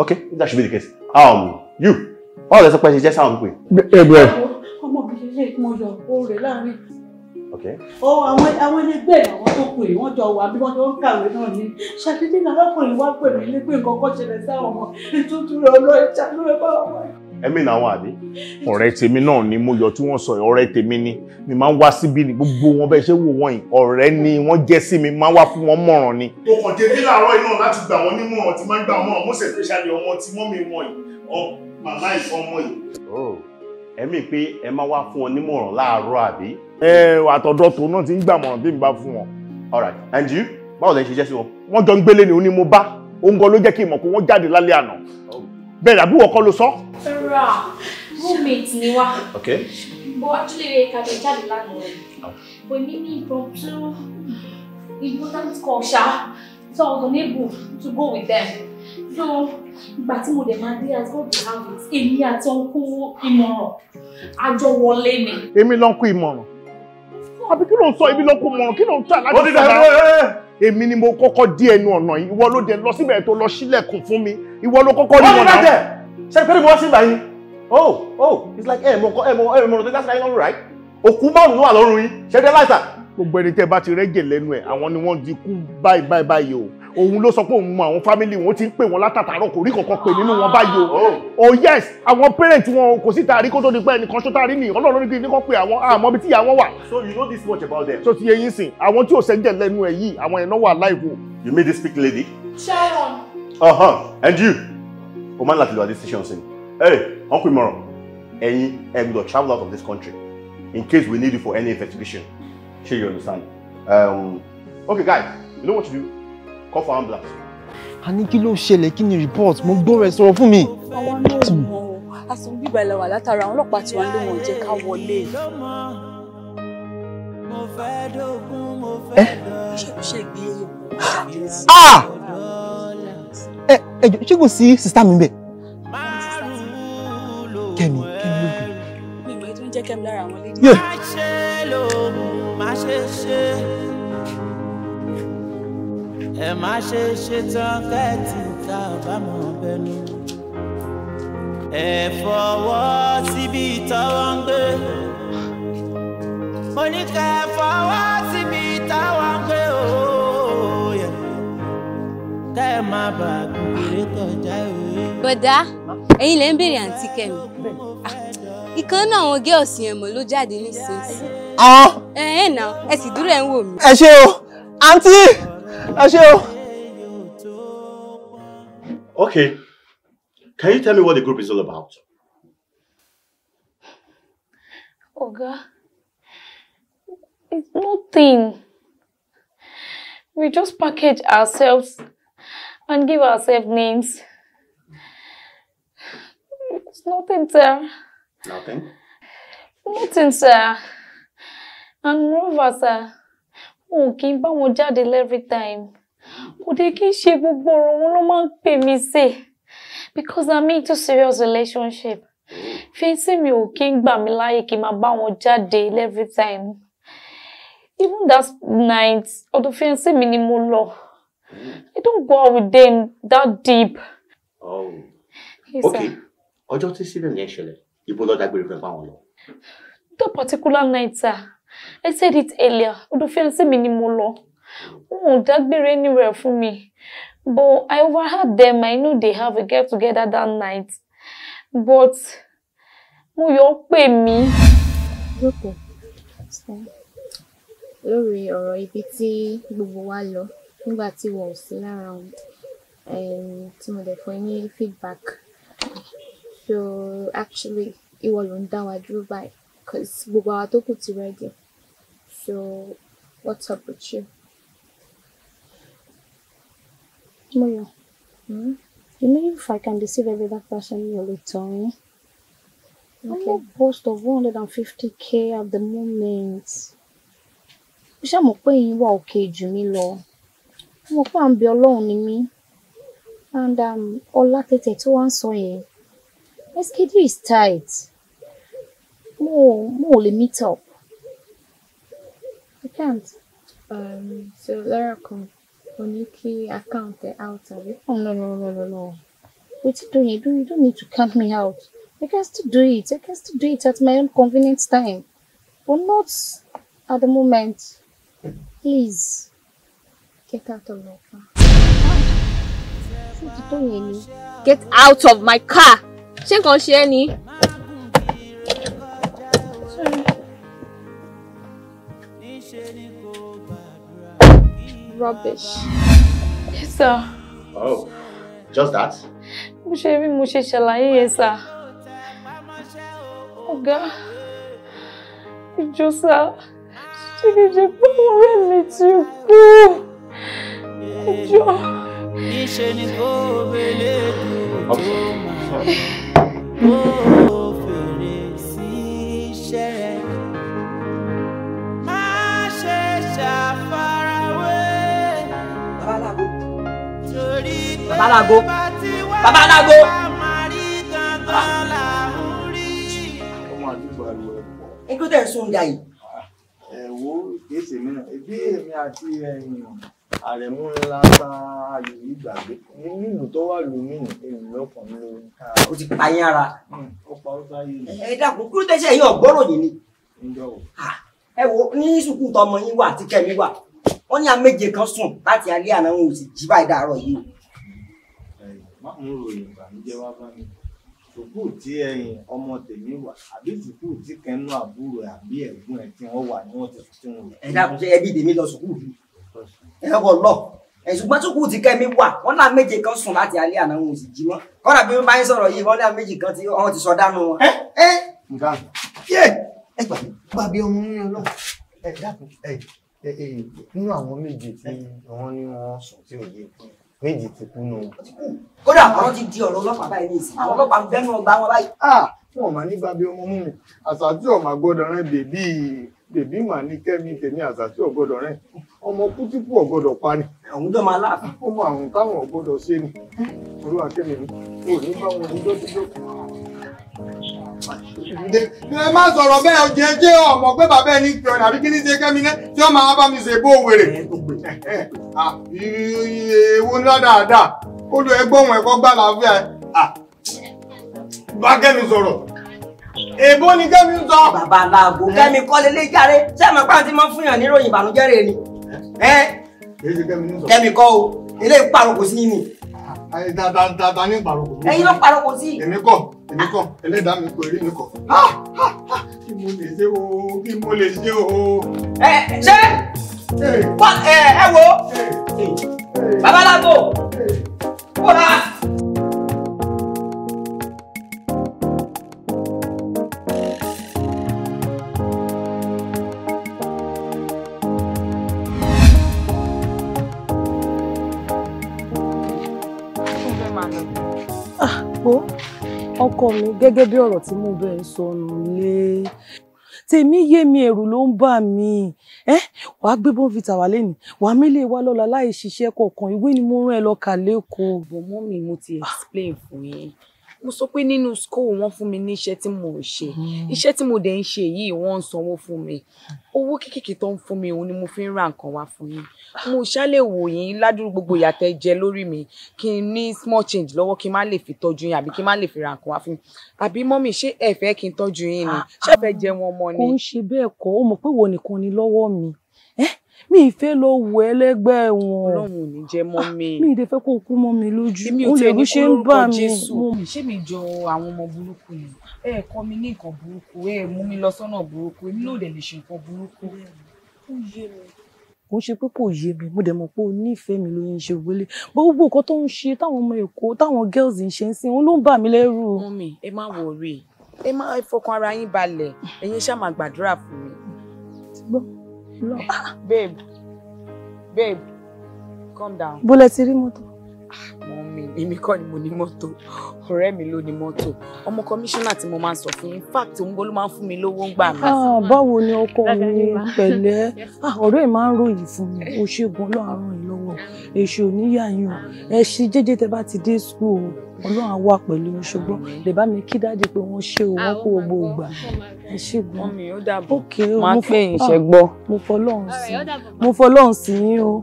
Okay, that should be the case. Um, you. All the surprises just sound quick. Ẹ bẹ̀rẹ̀. Ọmọ mi lè mọ̀ yọ̀ ọ́ rẹ̀ láàrin. ó àwọn àwọn ẹlẹgbẹ́ ìyàwó tó kù yìí wọ́n jọ wà bí wọ́n jọ ń kàwé náà ni ṣàdédé arákùnrin wá pè mí nípé nǹkan kan ṣẹlẹ̀ sáwọn ọmọ ìtútù rẹ̀ ọlọ́ọ̀ẹ́ta ló rẹ̀ bá wà ẹmí làwọn àbí ọ̀rẹ́ tèmi náà ni mo yọ tí wọ́n sọ ọ̀rẹ́ tèmi ni mi máa ń wá síbí ni gbogbo wọn bẹ́ẹ̀ ṣe wò wọ́n yìí ọ̀rẹ́ ni wọ́n jẹ́ sí mi máa ń wá fún wọn mọ̀ràn ni. mo kàn dé bí láàárọ̀ iná láti gbà wọ́n nímọ̀ràn tí máa ń gbà wọ́n mo ṣe fẹ́ṣàlẹ̀ ọmọ tí mọ́ mi wọ̀nyí ọ màmá ìfọmọ yìí. Oh, ẹ̀mí pé ẹ máa wá fún wọn nímọ̀ràn láàárọ̀ àbí àtọ̀dọ̀ tó náà ti ń gbàmọ̀ràn bí mi bá fún wọn. all right and you báwo lẹ ṣe jẹ́ sí wọn. wọ́n jọ ń gbélé ni ó ní mo bá òun gan ló jẹ́ kí n mọ̀ pé wọ́n jáde lálẹ́ àná oh. bẹ́ẹ̀ àbí wọ́n kọ́ ló sọ. ra roommate ni wa. ok. bó actually ká jọ jáde lánàá bó oh. ní ní important call so I was unable to go with them so ìgbà tí mo dẹ̀ máa dé as God will have it èmi àti ọkọ ìmọ̀ràn àjọ wọlé ni. èmi ló ń kó ìmọ̀ràn àbí kí ló ń sọ ibi lọ́kùn mọ̀ràn kí ló ń tà láti sọ̀rọ̀ èmi ni mo kọ́kọ́ dí ẹnu ọ̀nà yìí ìwọ ló dé lọ síbẹ̀ tó lọ sílẹ̀kùn fún mi ìwọ ló kọ́kọ́ rí wọn wọ́n ní bàjẹ́ ṣe pé mo wá sí ìbàyí oh oh it's like ẹ eh, mo kọ ẹ eh, mo ẹ eh, mo rò tẹ́tí láti lọ́rùn ráì òkú márùn-ún wà lọ́rùn yìí ṣẹ́dẹ́ láìsà. gbogbo ẹni tẹ́ bá ti rẹ́jẹ̀ lẹ́nu ẹ̀ àwọn ni wọ́n di kú báyìí báyìí báyìí o òun ló sọ pé òun mọ àwọn fámìlì wọn ti ń pè wọn látàtàrọ kò rí kankan pè nínú wọn báyìí o oh, oh yes àwọn parents wọn kò sí taari kó tó di pé ẹnìkan tó taari nìyí ọlọ́run ní kí ni kò pé àwọn àmọ́ bí tíyà wọn wà. so you know this much about them. so ti yẹ yín sìn àwọn tí ò sẹ́jẹ̀ lẹ́nu ẹ̀ yìí àwọn ẹ̀ náà wà láìpò. you made this big lady. sharon. ọ̀hán uh-huh. and you o máa ń láti lo decision sin hey uncle imọ̀ràn ẹ̀yin ẹ̀ gbọ́dọ̀ travel out of this country in case we need you for any investigation ṣé you understand. Um, okay guys you know what to do kọ́ fún ambulance. a ní kí ló ṣẹlẹ̀ kí ni report mo gbọ́ rẹ sọ̀rọ̀ fún mi. àwọn náà mọ asun bíbá ilẹ̀ wà látara àwọn ọlọ́pàá tí wọ́n lé wọn jẹ́ ká wọlé. ẹ ṣe ìgbéyàwó. ẹ ẹ ṣé kò sí sista mi bẹ. kẹmi kẹmi ló gbé. mi ò mọ ètò ń jẹ́ kẹmi lára àwọn lédè. máṣe lòun máṣe ṣe ẹ má ṣe ṣetán kẹ́ẹ̀tì ká bámọ̀ bẹnu. ẹ fọwọ́ síbi tọ́wọ́ ń gbé. mo ní ká ẹ fọwọ́ síbi tọ́wọ́ ń gbé ooo yẹ. ká ẹ má bà kékeré kọjá ìwé. bọ̀dá ẹ̀yin lè ń béèrè àǹtí kẹ́mi ah, ìkan náà àwọn gẹ́ọ̀sì yẹn mọ̀ ló jáde nísinsìnyí. Ah! ẹ ẹ nà ẹ sì dúró ẹ ń wò mí. ẹ ṣé o àǹtí. I Okay. Can you tell me what the group is all about? Oga, it's nothing. We just package ourselves and give ourselves names. It's nothing, sir. Nothing? Nothing, sir. And moreover, sir. òun kì í bá wọn jáde every time kò dé kí n ṣe gbogbo ọ̀rọ̀ wọn ló máa ń pè mí sí because i'm into serious relationship fíńsì mi ò kí ń gbà mí láàyè kí n máa bá wọn jáde every time even that night ọ̀dọ̀ fíńsì mi ni mo lọ i don't go out with them that deep. Oh. Yes, okay ọjọ́ tí sílẹ̀ yẹn ṣẹlẹ̀ ibo lọ́ọ́ dágbére fẹ́ fáwọn lọ. that particular night sir. I said it earlier. Odufiansé mi ni mo lọ. Wọn ò dágbére anywhere for me. But I overheard them. I know they have a get together that night. But mo you pay me? Okay. Lórí ọ̀rọ̀ ibi tí gbogbo wa lọ nígbà tí wọn ò sí lára wọn um, tí mo dẹ̀ feedback. So actually it was on that I dúró by because gbogbo àwa tó ready. So, what's up with you? Moya, hmm? you know if I can deceive every other person, you'll return me. Okay. I'm not of 150k at the moment. Ó ṣá mọ̀ pé yín wà òkè jù mí lọ. Mo pa ń bẹ Ọlọ́run ni And um, ọlá tètè tó wá ń sọ yẹn. My schedule is tight. Mo, mo lè up. I can't. Um, so Laura kan o ní kí account out of it. Oh no no no no no. You do you do? You don't need to count me out. I can still do it. I can still do it at my own convenient time. But not at the moment. Please, get out of my car. Ṣé ti tó Get out of my car! Ṣé nǹkan ṣe é Rubbish. Yes, sir. Oh, just that? Mo ṣe rí mo ṣe ṣàlàyé yẹn, sir. Ọ̀gá, ìjọ sá, ṣé kìí ṣe pé mi ti kú? Ìjọ. Níṣe bàbá alágo bàbá alágo. ikú tẹ̀ ń sún ìyá yìí. ẹ̀wọ́ ìkéṣe mi náà ebi èmi àti àrẹ̀mú ńlá ta ayò ìgbàgbé nínú tó wà lómìnì èmi lọ́kàn mi lórí. o ah, ti pa yín ara. Hmm, ó pa ó sáyé mi. ẹ dákun kúrú tẹ́sẹ̀ yín ọ̀gbọ́ròyìn ni. Ah, ẹ wo ní sùkúù tọmọ yín wà tí kẹ́mi wà wọ́n ní àméje kan sùn láti alẹ́ àná wọn ò sì jí báyìí dàárọ̀ yìí o má mú ròyìn ìbànújẹ́ wá bá mi sùkú tí ẹ̀yin ọmọ tèmi wà àbí sùkú tí kẹnu àbúrò àbí ẹ̀gbọ́n ẹ tí wọn wà ní wọn ti tí wọn ẹ dákun ṣe ẹbí tèmi lọ sùkú yìí ẹ lọkọ lọ ṣùgbọ́n sùkú tí kẹ́mi wà wọ́n náà méje kan sùn láti alẹ́ àná wọn ò sì jí mọ́ kọ́nà bí wọ́n bá ń sọ̀rọ̀ yìí wọ́n náà méje kan tí wọ́n ti sọ dánú wọn. ẹ ẹ nǹkan ẹ gbà gbà bí ọmọ yín lọ ẹ dákun ẹ nínú àwọn méje tí wọ́n ní wọ́n sùn tí ò yé méjì ti kú nù. kódà ọ̀rọ̀ ti di ọ̀rọ̀ ọlọ́pàá báyìí ní ìsìn àwọn ọlọ́pàá ń bẹ́nu ọgbà wọn báyìí. Ah, wọn ò máa ní bàbí ọmọ mú mi àṣà tí ọmọ àgbọ́dọ̀ rẹ bèbí bèbí mà ní kẹ́mi tèmi àṣà tí ọgbọ́dọ̀ rẹ ọmọ kútípù ọgbọ́dọ̀ pa ni. àwọn ọjọ́ máa láàfin. ó mọ àwọn táwọn ọgbọ́dọ̀ ṣe ni olúwa kẹ́mi ò ní bá wọn ní dọ́tídọ́tí. ẹ má sọ̀rọ̀ bẹ́ẹ̀ o jẹ́ jẹ́ ọmọ pé bàbá ẹni pè ọ́ àbí kí ṣe kẹ́mi náà tí ó máa mi ṣe bó wèrè. Ah, ewo ńlá dáadáa olú ẹgbọ́n ẹ̀kọ́ gbà ẹ̀ ah, bá kẹ́mi sọ̀rọ̀ èbó ni kẹ́mi sọ. bàbá aláàbò kẹ́mi kọ́lé lé járe sẹ́mi pàǹtí máa ń fún níròyìn ìbànújẹ́ rẹ̀ ni kẹ́mi kọ́ o ilé ìparun kò sí Dada ní ìpàrọ̀kò. Ẹyin ló parọ̀kò sí. Èmi kọ̀, èmi kọ̀, ẹlẹ́dàá mi kò rí mi kọ̀. Kí mo lè ṣe o, kí mo lè ṣe o. Ẹ ṣé ẹ wo babaláwo. ọkọ mi gẹ́gẹ́ bí ọ̀rọ̀ tí mo bẹ̀ ń sọnù lé tèmi yé mi ẹ̀rù ló ń bà mí ẹ́ wà á gbé bọ́ǹfìtà wà lẹ́nìí wà á mélé wa lọ́la láì ṣiṣẹ́ kọ̀ọ̀kan ìwé ni mo rán ẹ lọ kà lẹ́kọ̀ọ́. bọ̀mọ́ mi mo ti explain fún yín mo sọ pé nínú school wọ́n fún mi ní iṣẹ́ tí mo ṣe hmm. iṣẹ́ tí mo dẹ̀ ń ṣe yìí wọ́n ń sanwó fún mi owó kéékèèké tó ń fún mi òun ni mo fi ń ra nǹkan wá fún yín mo ṣálẹ̀ wò yín ládùúrú gbogbo ìyàtẹ̀ jẹ lórí mi kí n ní small change lọ́wọ́ kí n má lè fi tọ́jú yín àbí kí n má lè fi ra nǹkan wá fún yín àbí mọ́mì ṣé ẹ fẹ́ kí n tọ́jú yín ni ṣé ẹ fẹ́ jẹ wọn ọmọ ni. kò ń ṣe bẹ́ẹ̀ kọ́ ó mọ̀ pé wo nìkan ni lọ́wọ́ mi mi ìfẹ́ lọ wọ ẹlẹ́gbẹ́ wọn ọlọ́run ò ní jẹ́ mọ́ mi mi ìdè fẹ́ kó kú mọ́ mi lójú òun lè bí ṣe ń bà ṣé mi jọ àwọn ọmọ burúkú yìí ẹ kọ́ mi ní nǹkan burúkú ẹ mú mi lọ sọ́nà burúkú èmi náà dẹ̀ lè ṣe nǹkan burúkú. kò ń ṣe pé kò yé mi mo dẹ̀ mọ̀ pé o nífẹ̀ẹ́ mi ló ń ṣe wọlé gbogbo nǹkan tó ń ṣe táwọn ọmọ èkó táwọn girls ń ṣe ń sìn òun ló ń bà mí lẹ́rù. mọ́mì ẹ má wọrí ẹ má fọkàn ara yín balẹ̀ ẹ̀yin ṣáà máa gbàdúrà fún mi. babe babe calm down. bó lẹ ti mọ mi èmi kọ́ ni mo ní mọ́tò ọ̀rẹ́ mi ló ní mọ́tò ọmọ kọmíṣánná tí mo máa ń sọ fún in fact òun ló máa ń fún mi lówó ń gbà mí. Ah, báwo ni ọkọ mi pẹ̀lẹ́ ah, ọ̀rẹ́ mi máa ń ròyìn fún mi o ṣègùn ọlọ́run á ràn yín lọ́wọ́ èṣù oníyàyàn ẹ ṣe jẹ́jẹ́ tẹ́ bá ti dé school ọlọ́run á wà pẹ̀lú mi ṣùgbọ́n lè bá mi kí dájú pé wọ́n ṣe owó kó ah, gbogbo ìgbà ẹ ṣègùn ó dàbọ̀ máa pè yín ṣẹ́gbọ́ mo fọlọ́run sí yín o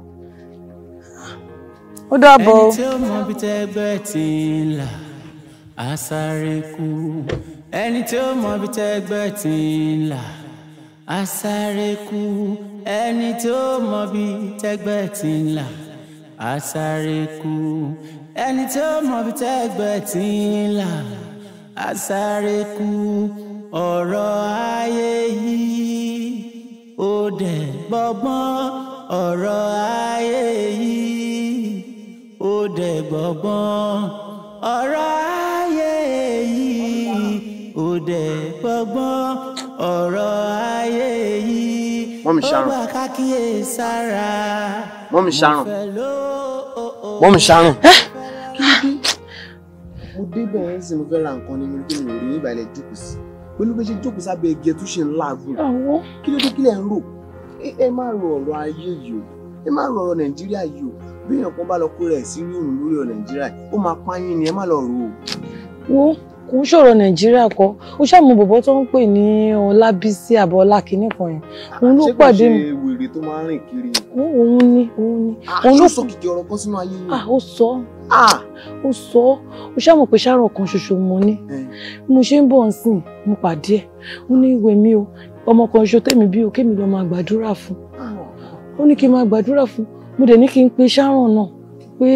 ó dàbọ̀. ẹni tí ó mọ bí tẹ́gbẹ́ ti ń là á sáré kú ẹni tí ó mọ bí tẹ́gbẹ́ ti ń là á sáré kú ẹni tí ó mọ bí tẹ́gbẹ́ ti ń là á sáré kú ẹni tí ó mọ bí tẹ́gbẹ́ ti ń là á sáré kú ọ̀rọ̀ ayé yìí ó dẹ̀ gbọ́gbọ́n ọ̀rọ̀ ayé yìí ó dẹ̀ gbọ́gbọ́n ọ̀rọ̀ ayé yìí ó dẹ̀ gbọ́gbọ́n ọ̀rọ̀ ayé yìí ó gbà kákíyè sára mo fẹ́ ló o o. mọ́mí mo débẹ̀ ẹ́ sì mo fẹ́ ra nǹkan ni mo rí mi ò rí ìbàlẹ̀ jókòó sí pẹ̀lú bí ṣe jókòó sábẹ́ igi ẹ̀ tó ṣe ń láàgùn kí ló dé kí lẹ̀ ń rò ẹ má rò ọ̀rọ̀ ayé yìí ẹ má rò ọ̀rọ̀ Nàìjíríà yìí bí èèyàn kan bá lọ kó rẹ̀ sí rírun lórí ọ̀ nàìjíríà ó máa pààyàn ni ẹ má lọ rò ó. wo kò ń ṣòro nàìjíríà kọ ó ṣàmù bọ̀bọ̀ tó ń pè ní ọlábísí àbọ̀ ọlá kìíní kan yẹn òun ló pàdé mi. ṣé kò ṣe wèrè tó máa ń rìn kiri. òun ni òun ni. àṣọ ah, sọ kìkì ọ̀rọ̀ kan sínú ayé yìí. Ah, ó sọ ah! ó sọ ó ṣàmù pé ṣàrọ̀ kan ṣoṣo mo ní mo ṣe ń bọ̀ ń sìn mo pàdé ẹ̀ ó ní ìwé mi o ọmọ ṣo tèmi bí o kémi lọ máa gbàdúrà fún ó ní kí n máa gbàdúrà fún un mo dẹ̀ ní kí n pe sharon náà pé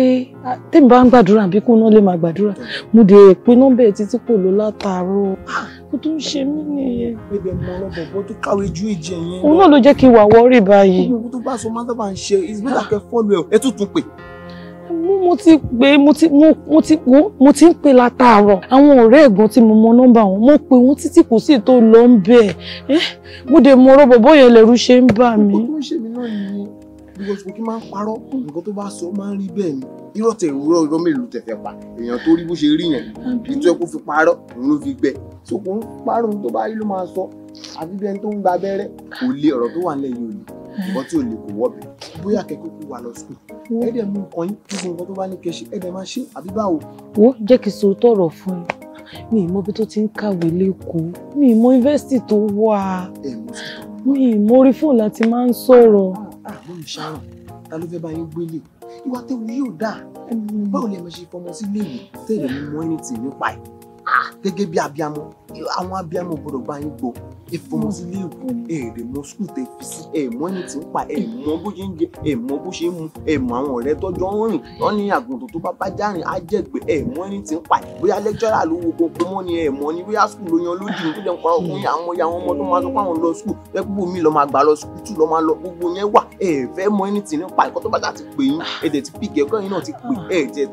tèmi bá ń gbàdúrà àbí kó náà lè máa gbàdúrà mo dẹ̀ pe nọ́mbà ẹ̀ títí kò ló látàárọ̀ ah, kó tó ń ṣe mí nìyẹn. ẹgbẹ́ mi ọ̀rọ̀ bọ̀bọ̀ tó kàwé ju ìjẹ yẹn. òun náà ló jẹ́ kí n wà wọ́ọ̀rì báyìí. gbogbo tó bá sọ máa ń sábà ń ṣe ìsìnkú àkẹ́ fọ́ọ̀lù ẹ̀ ẹ̀ tún tún pè mo ti pè mo ti mo ti wo mo ti ń pè látàárọ̀ àwọn ọ̀rẹ́ ẹ̀gbọ́n tí mo mọ nọ́mbà wọn mo pè wọn títí kò sí tó lọ ń bẹ ẹ eh, mo dé mo rọ bọbọ yẹn lẹ̀rù ṣe ń bà mí because kò kí máa ń parọ́ nǹkan tó bá sọ máa ń rí bẹ́ẹ̀ ni irọ́ tẹ̀ rúrọ́ irọ́ mélòó tẹ̀ fẹ́ pa èèyàn tó rí bó ṣe rí yẹn ìtú ẹ̀ kó fi parọ́ òun ló fi gbẹ so kò ń parọ́ ohun tó bá rí ló máa sọ àfi bí ẹni tó ń gba abẹ́rẹ́ kò lé ọ̀rọ̀ tó wà nílẹ̀ yìí ò lè nǹkan tí ò lè kò wọ́ bẹ̀ bóyá kẹ́kọ̀ọ́ kó wà lọ sùkúl ẹ dẹ̀ mú nǹkan yín gbogbo nǹkan tó bá kí n sọ fóònù láti máa ń sọ̀rọ̀ àgbọn ah, ìṣàràn ah. ta ló fẹ́ bá yín gbélé ìwà tẹ̀wù yóò dáa báwo lè mọ̀ ṣe fọmọ sí léèlè tẹ̀lé mi mọ ẹni tì nípa ẹ̀ ah, gẹ́gẹ́ bí abiamọ àwọn abiamọ gbọdọ̀ bá yín gbọ́ ìfọmọsílẹ̀ ìlú ẹ̀ẹ́dẹ̀ mọ skul tẹ fi sí ẹ̀ẹ̀mọ́ ẹni tí ń pa ẹ̀ẹ̀mọ́ bó ṣe ń jẹ ẹ̀ẹ̀mọ́ bó ṣe ń mu ẹ̀ẹ̀mọ́ àwọn ọ̀rẹ́ tọ́jọ́ ń rìn wọ́n ní àgùntàn tó bá bá járìn á jẹ́ pé ẹ̀ẹ̀mọ́ ẹni tí ń pa bóyá lẹ́kítọ́rà ló wo kókó mọ́ ni ẹ̀ẹ̀mọ́ ni bóyá skul ló yan lójú tó dẹ̀ ń parọ́ fún àwọn ya àwọn ọmọ tó máa sọ pé àwọn lọ skul fẹ́ gbogbo mi lọ máa gbà lọ skul tù lọ máa lọ gbogbo yẹn wà ẹ fẹ́ mọ ẹni tì ní pa ẹ̀kọ́ tó bá dà ti pè yín ẹ̀ẹ́dẹ̀ ti pìkẹ́ ẹ̀kọ́ yín náà ti pè ẹ̀ẹ́dẹ̀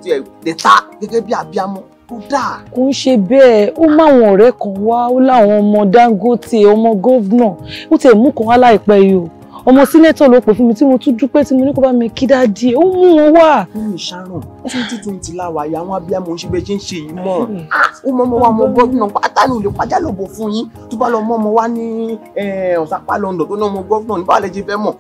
tẹ́ ta gẹ́gẹ́ bí abiyamọ tó dáa. kò ń ṣe bẹ́ẹ̀ ó máwọn ọ̀rẹ́ kan wá ó láwọn ọmọ Dangote ọmọ gómìnà ó tẹ̀ mú kan wá láìpẹ́ yìí o ọmọ sínétọ̀ ló pè fún mi tí mo tún dúpẹ́ tí mo ní kó bá mi kí dáadé ó mú wọn wá. mímì sharon twenty twenty la wà yà àwọn abiyamọ ṣe bẹ ṣe ń ṣe yìí mọ mm. ah, ó mọ ọmọ wa mọ gọvnọ pátánù lè pàjá lọbọ fún yín tó bá lọ mọ ọmọ wa ní ọ̀sápá london tó ná ọmọ gọvnọ ní báwo lè ṣe fẹ́ mọ̀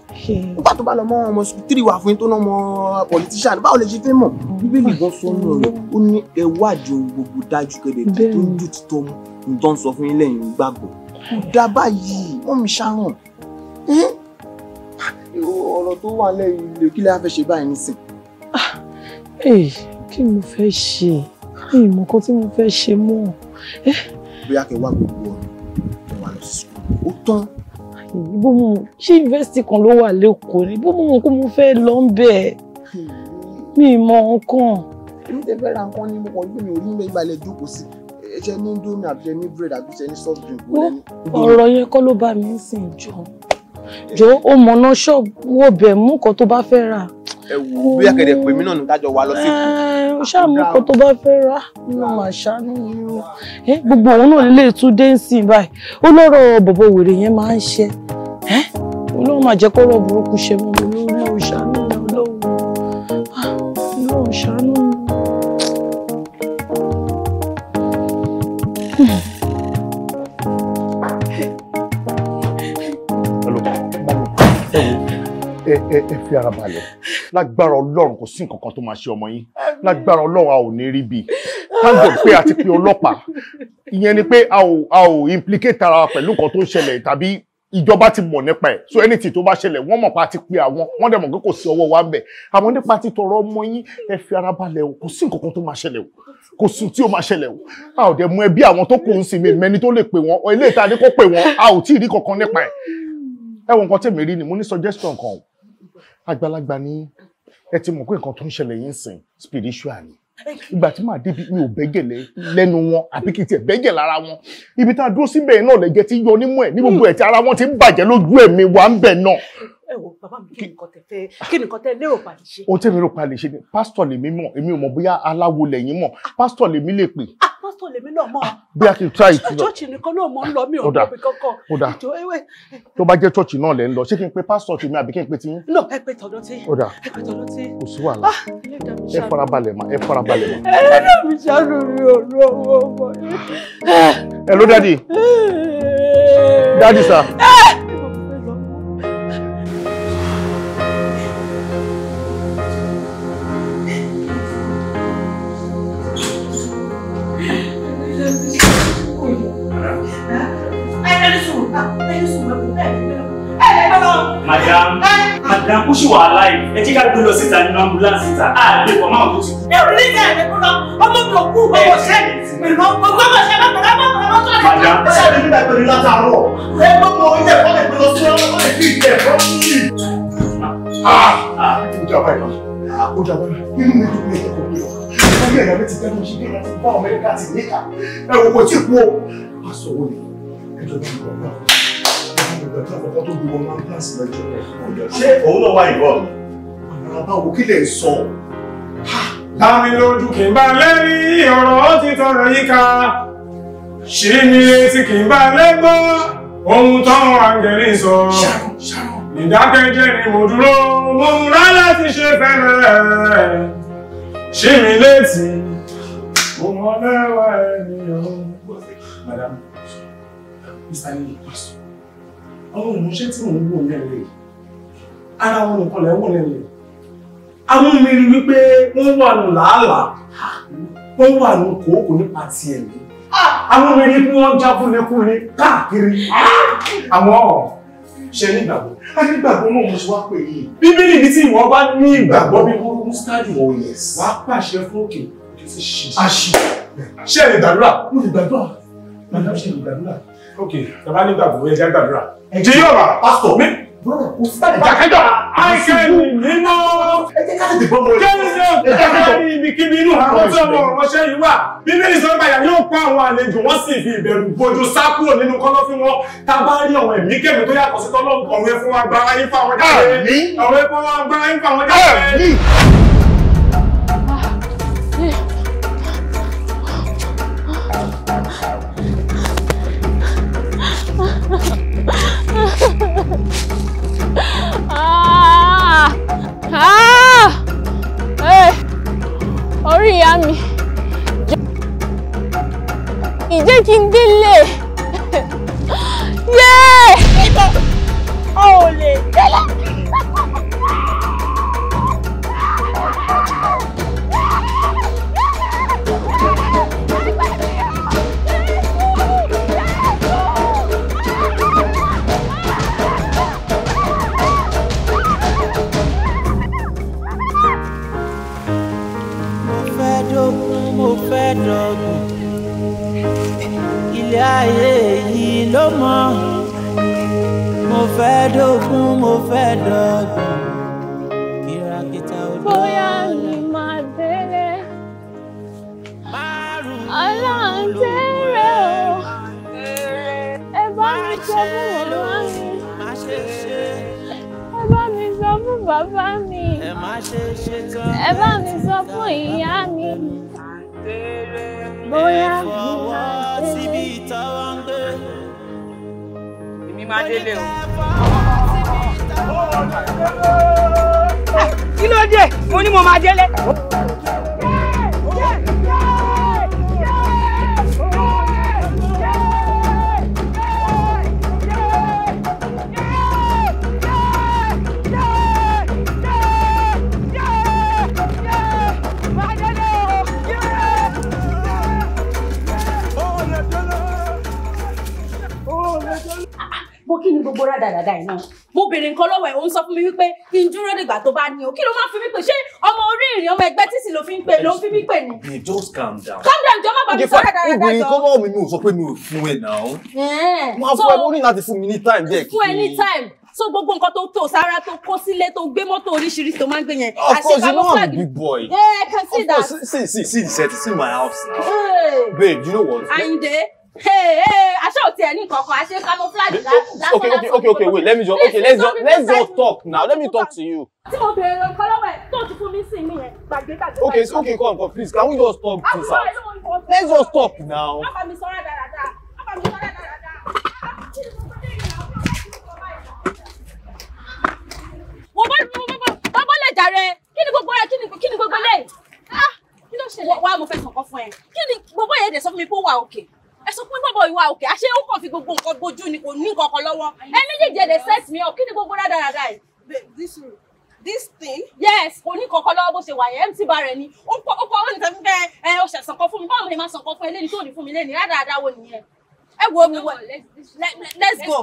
nígbà tó bá lọ mọ ọmọ tírì wà fún yín tó ná ọmọ politician báwo lè ṣe fẹ́ mọ̀ bíbélì gan sọ́nù rẹ̀ ó ní ẹwádìí ohun gbogbo dájú kẹ́lẹ́ tó ń dùn títọ́ mu nǹkan sọ fún yín lẹ́yìn gbàgbọ́ dábàá yìí wọ́n mi ṣàrùn ọ̀rọ̀ tó wà lẹ́yìn ilé kí lè á fẹ́ ṣe báyìí nísìn. Ah, kí mo fẹ́ ṣe ìmọ̀ kan tí mo fẹ́ ṣe mọ́ ọ. Eh? bóyá kẹ wá gbogbo ọ̀nà ẹ wà lọ sí ó tán. bó mo ṣé yunifásitì kan ló wà lẹ́kọ̀ọ́ ni bó mo mọ̀ pé mo fẹ́ lọ ń bẹ̀ mi mọ nǹkan. èmi tẹ fẹ́ ra nǹkan ni mo kàn gbé mi ò ní ìgbà ìgbàlẹ̀ jókòó sí ẹ̀jẹ̀ ní indomie àbí ẹni bread àbí ẹni soft drink. ọ̀rọ̀ yẹn kọ́ ló bá mi ń sìn jọ Jo, o mọ̀nà ṣọ́ọ̀bù wò bẹ̀ mú nǹkan tó bá fẹ́ rà. ẹ wò ó bí akẹ́dẹ̀ pè mí náà ní tájọ wa lọ sí. ẹ ṣáà mú nǹkan tó bá fẹ́ rà ló ma ṣàánú mi o gbogbo òun náà lè tún dé sí i báyìí ó lọ́rọ̀ bọ̀bọ̀ wèrè yẹn máa ń ṣe ọlọ́run máa jẹ́ kó rọ̀ burúkú ṣe mọ́ mi ẹ fi ara balẹ̀ lágbára ọlọ́run kò sí nǹkan kan tó máa ṣe ọmọ yín lágbára ọlọ́run a ò ní rí bí thank God pé a ti pe ọlọ́pàá ìyẹn ni pé a ò a ò implicate ara wa pẹ̀lú nǹkan tó ń ṣẹlẹ̀ tàbí ìjọba ti mọ̀ nípa ẹ̀ so anything tó bá ṣẹlẹ̀ wọ́n mọ̀ pa ti pe àwọn wọ́n dẹ̀ mọ̀ pé kò sí ọwọ́ wa ń bẹ̀ àmọ́ nípa ti tọrọ ọmọ yín ẹ fi ara balẹ̀ o kò sí nǹkan tó máa ṣẹlẹ̀ o kò sùn tí ó máa ṣẹlẹ̀ o a ò dẹ̀ mú ẹbí àwọn tó kù ń sinmi mẹ́ni tó lè pè wọ́n eléyìí tá a ní kó pè wọ́n a ò tí ì rí kankan nípa ẹ̀ ẹ̀wọ̀n kan tèmi rí ni mo ní suggestion kan o àgbàlagbà ni ẹ ti mọ̀ pé nǹkan tó ń ṣẹlẹ̀ yìí ń sìn spiritual ni ìgbà tí màá débi mi ò bẹ́gẹ̀ lẹ́nu wọn àbí kí n tiẹ̀ bẹ́gẹ̀ lára wọn ibi tá a dúró síbẹ̀ náà lẹ́jẹ̀ ti yọ nímú ẹ̀ ní gbogbo ẹ̀ tí ara wọn ti ń bàjẹ́ lójú ẹ̀mí wa ń bẹ̀ náà. ẹ wo bàbá mi kí nǹkan tẹ fẹ kí nǹkan tẹ lérò pa lè ṣe. ohun tẹ́mi rò pa lè ṣe ni pásítọ̀ lèmi mọ̀ èmi ò mọ̀ bóyá aláwo lẹ́yìn mọ̀ pásítọ̀ lèmi lè pè ah, pásítọ̀ lèmi náà mọ̀. Ah, bí a ti tra ìtura ṣọ́ọ̀ṣì nìkan náà mọ̀ ń lọ mi ò lọ bí kankan. ó dà tó bá jẹ́ ṣọ́ọ̀ṣì náà lẹ́ ń lọ ṣé kí n pe pásítọ̀ tèmi àbí kí n pe tiyín. no ẹ pe tọ̀dọ̀ tí. ó dà ẹ pe tọ̀dọ̀ tí. kò sí wàhálà ah, ẹ farabalẹ̀ mà ẹ farabalẹ̀ mà. ẹ lọ́dọ̀ mi ṣàánú mi ò lọ́wọ́ ọmọ yìí. ẹ ló dádì dádì sà. madam madam kó ṣì wà alive ẹ jẹ́ ká gbé lọ síta nínú ambulance síta á lè pọ̀ máa kú ti. ẹ ò ní sẹ́yìn mi kúrọ ọmọ mi ò kú gbogbo ṣẹ́ ìmọ̀ gbogbo ọmọ ṣẹ́ bàbá bàbá bàbá tó lè. madam ẹ ṣe nígbà tó ní látàárọ̀ ẹ gbogbo oúnjẹ kọ́ lè gbé lọ sí ọmọ lè fi ìjẹ ẹ̀fọ́ níyì. ìjọba ìlọ àkójọba nínú mi dùn mí ẹ̀kọ́ mi ọ̀ ọmọ ẹ̀yà mi ti tẹ́lú ṣe bí wọ́n ti bá ọmọ ẹ̀ka ti níkà ẹ̀wọ̀n kò tí ì kú o. a sọ wọlé ẹjọ́ bí wọ́n bá wọ́n ṣùgbọ́n tí àkọ́kọ́ tó gbogbo máa ń kíláàsì lọ́jọ́ ṣé òun náà wà ìbọn àwọn àbáwo kí lè sọ dámi lójú kì í bá lẹ́rí ọ̀rọ̀ ti tọrọ yíká ṣe ní létí kì í bá lẹ́gbọ́ ohun tọ́rọ àgẹ̀rí sọ ìdákẹ́jẹ́ ni mo dúró mo múra láti ṣe fẹ́rẹ̀ ṣe mi létí mo mọ lẹ́wà ẹni Madam, Mr. Lee, àwọn ìmúṣẹ́ tí mò ń wò lẹ́lẹ̀ ara wọn nìkan lẹ́ wò lẹ́lẹ̀ àwọn mi rí wípé wọ́n wà nù làálàá wọ́n wà nù kòókò nípa ti ẹ̀mí àwọn mi rí bí wọ́n jábúlẹ̀kúlẹ̀ káàkiri àwọn ṣe nígbàgbọ́ a nígbàgbọ́ náà mo ṣe wá pé yìí bíbélì ní tí ìwọ bá ní ìgbàgbọ́ bí wọ́n mú stáàdì wọ̀ oh, yẹn wá pàṣẹ fún òkè àṣì ṣe é lè gbàdúrà mo lè gbàdúrà màdàm ṣe lè gbàdúrà ok ẹ bá nígbà gbogbo ẹ jẹ́ gbàdúrà. jí yóò rà pásítọ̀ mi. bọ́dà kò sí tàbí. jàkẹ́jọ àìsàn nínú. ẹ jẹ́ ká tètè gbọ́mọ rẹ. kéèyàn ìjàkẹ́jọ ibikíbi inú àwọn tí ọmọ ọmọọṣẹ́ yìí wà bíbélì sọ báyà yóò pa àwọn àlejò wọn sì fi ìbẹ̀rù bojú sá kúrò nínú kọ́lọ́fín wọn tá a bá rí àwọn ẹ̀mí kẹ́mi tó yàtọ̀ sí tọ́lọ́ 아, 아, 에이, 어리야미. 이제 긴들래. 예! 어울리. ayé yìí ló mọ̀ mo fẹ́ dógún mo fẹ́ dọ́gbọ̀n kìràkìtà ò lọ. bàbá mi ẹ bá mi sọ fún ìyá mi bóyá táwa ń gbé. èmi máa délé o. Ah, kí ló dé mo ní mo máa délé. gbogbo rádaràda iná mo béèrè nǹkan lọ́wọ́ ẹ̀ ó ń sọ fún mi wípé kí n dúró dìgbà tó bá ní o kí ló máa fi mí pè ṣé ọmọ orí ìrìn ọmọ ẹgbẹ́ títì ló fi ń pè ló fi mí pè ní. mi just calm down. calm down jọ má bàa mi sọ rádaràda jọ. obìnrin kọ́ lọ́wọ́ mi mi ò sọ pé mi ò fún ẹ náà. máa fún ẹ lórí láti fún mi ní time díẹ̀ kí. fún so gbogbo nǹkan tó tò sára tó kó sílé tó gbé mọ́tò oríṣiríṣi tó máa ń gbé yẹn. of course you know I'm a big boy. yeah I can see that. of course see see see the set see my house now. Hey. babe you know what. Ayinde aṣọ òtí ẹ ní kankan aṣe camouflage lásán. okay okay okay okay wait let me just okay let's just let's just talk now let me talk to you. tí mo bèrè lọ kọ́ lọ́wọ́ ẹ̀ tó ti fún okay so okay come come please can we just talk this out let's just talk now. bàbá mi sọ̀rọ̀ dáradára bàbá mi sọ̀rọ̀ dáradára. wọ́n bọ́ wọ́n bọ́ lẹ̀ jàre kí ni gbogbo rẹ̀ kí ni gbogbo lẹ̀ ah, kí ló ṣẹlẹ̀ wá mo fẹ́ sọ̀kọ́ fún ẹ kí ni gbogbo yẹn dẹ̀ sọ fún mi pé ó wà òkè ẹ pé bọ̀bọ̀ ìwà òkè àṣé ó kàn fi gbogbo nǹkan bójú ni kò ní nǹkan lọ́wọ́ ẹ méjèèjì ẹ̀ set me up kí ni gbogbo rádaràda yìí. this thing. yes kò ní kankan lọ́wọ́ bó ṣe wà yẹn mc bara ẹni ó kọ́ ó kọ́ ó ní tẹ́ fún bẹ́ẹ̀ ẹ ó ṣẹ̀sán fún mi báwo ni màá sàn fún eléyìí tó ní fún mi lẹ́ni rádaràda wo nìyẹn ẹ wo mi wọ let's go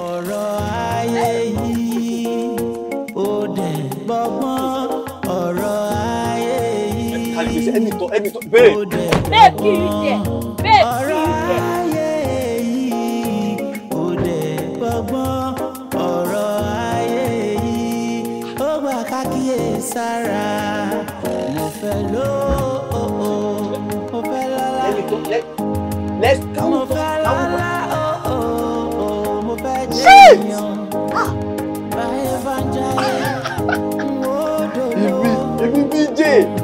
ọ̀rọ̀ ayé yìí ó dẹ̀ gbọ́gbọ́n ọ̀rọ̀ ayé yìí parí gbèsè ẹni tọ ẹni tọ bẹ́ẹ̀. bẹ́ẹ̀ kì í jẹ bẹ́ẹ̀ kì í jẹ. ọ̀rọ̀ ayé yìí ó gbà kákíyèsára mo fẹ́ ló oh, oh. mo fẹ́ lọ́lá mo fẹ́ lọ́lá oh, mo fẹ́ jẹ́ èèyàn báyé bá ń jayé ah! n ó dòdò. ibi ibi bíi jẹ́.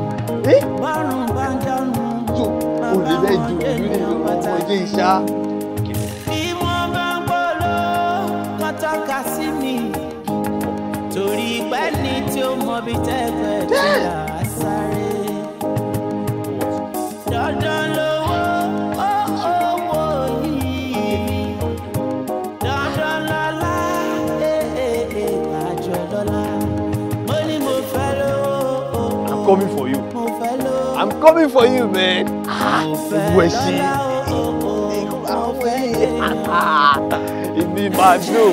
ẹgbẹ́ ìdùnnú ní ọmọ ọdún ìṣá. bí wọ́n bá ń polo kan tọ́ka sí mi torí pẹ́ ni tí ó mọbi tẹ́gbẹ́ tí a sáré. I'm coming for you. I'm coming for you, man gbogbo ẹ ṣe ibi ma do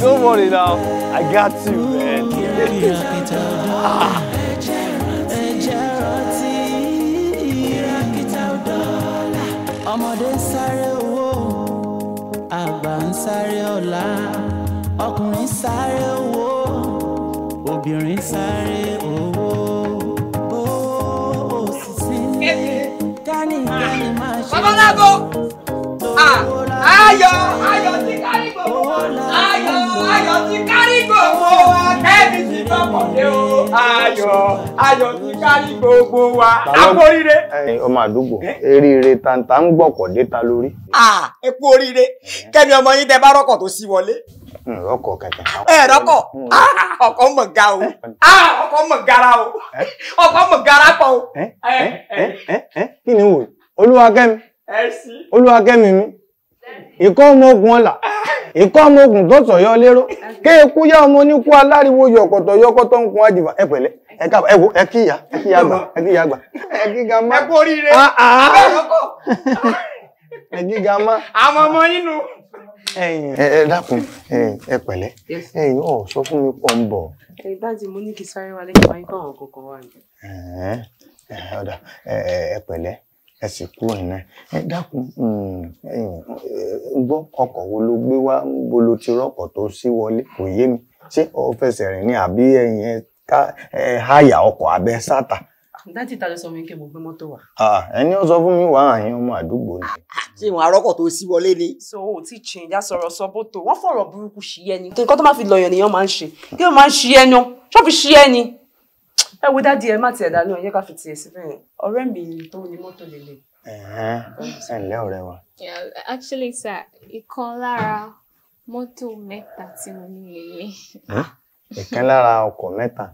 don't worry now i got you man. ọmọdé ń sáré owó àgbà ń sáré ọ̀la ọkùnrin sáré owó obìnrin sáré owó. babaláwo ayo, ayọ̀ ti kárí ayo, ayọ̀ ayọ̀ ti kárí gbòmò ẹbí ti gbọ́pọ̀ dé o ayọ̀ ayọ̀ ti kárí gbogbo wa akóríire. ọmọ àdúgbò eríire tàǹtà ń gbọ̀kọ̀ dé ta lórí. ẹ kú oríire kẹ́mi ọmọ yín tẹ bá rọ́kọ̀ tó sí wọlé rọkọ kẹkẹ. ẹ rọkọ ọkọ mọ ga o ọkọ mọ gara o ọkọ mọ gara pọ o. kí ni wò olúwa kẹ́mi olúwakẹ́mi mi ìkọ́ ọmọ ogun ọ̀la ìkọ́ ọmọ ogun tó sọ̀yọ́ lérò ké ikú yá ọmọ oníkú aláriwo yọ̀kọ̀tọ̀ yọkọ́tọ̀ ń kun àjìbá ẹ pẹ̀lẹ́ ẹ káàbọ̀ ẹ wo ẹ kí ìyá ẹ kí ìyá àgbà ẹ kí ìyá àgbà. ẹ kí gàmá ẹ kú oríire ah, ah. ẹ kí gàmá. àmọ́ ọmọ yín nu. ẹ dákun ẹ pẹ̀lẹ́ ẹ̀yin ọ̀ sọ fún mi pọ̀ ń bọ̀. ẹ dájú mo ní kí sáré wa lẹ́yìn wáyé kọ́ àwọn kọ̀ọ̀kan ẹ sì kúrò iná ẹ dákun hmm, gbọ́ ọkọ̀ wo ló gbé wá bo ló ti rọ́pọ̀ tó sí wọlé kò yé mi ṣé o fẹsẹ̀ rìn ní àbí ẹ̀yìn ẹ háyà ọkọ̀ abẹ́ sátà. dátì ta ló sọ fún mi kí mo gbé mọ́tò wá. ẹni ó sọ fún mi wàá àyàn ọmọ àdúgbò ni. ṣé ìwọ̀n arọ́kọ̀ tó sí wọlé ni. so o ti chin já sọ̀rọ̀ sọ bótó wọ́n fọ̀rọ̀ burúkú ṣí ẹni. nǹkan tó máa fi lọ̀yàn nìyẹn máa ń ṣe kí ló máa ń ṣí ẹni ṣọ́ọ̀fù ṣí ẹni ẹ wo dádì ẹ má tiẹ̀ dá lóhùn yẹ ká fi tiẹ̀ síbẹ̀ yẹn ọ̀rẹ́ mi tó ní mọ́tò lélẹ̀. ẹ ǹlẹ́ ọ̀rẹ́ wa. actually sir ìkan lára mọ́tò mẹ́ta tí mo ní lélẹ̀. ìkan lára ọkọ̀ mẹ́ta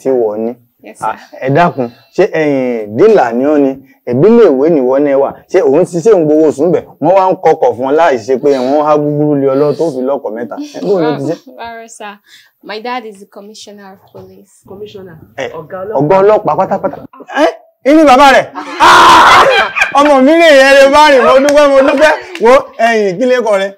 tí wọ́n ní. Ah, ẹ dákun ṣé ẹ̀yin dílà ni ó ni ìbílẹ̀ ìwé nìwọ ní ẹwà ṣé òun ti ṣe ń gbowó oṣù bẹ̀ wọ́n wá ń kọkọ̀ fún ọ láì ṣe pé wọ́n há gbúgbúrú lé ọlọ́ tó fi lọ́kọ̀ mẹ́ta. barrister my dad is the commissioner of police. commissioner ọ̀gá ọlọ́pàá pátápátá. inú bàbá rẹ̀ ah! ọmọ mi rè é rè bá rè mo dúpẹ́ mo dúpẹ́ wo ẹ̀yìn ìpínlẹ̀ kọ rẹ̀.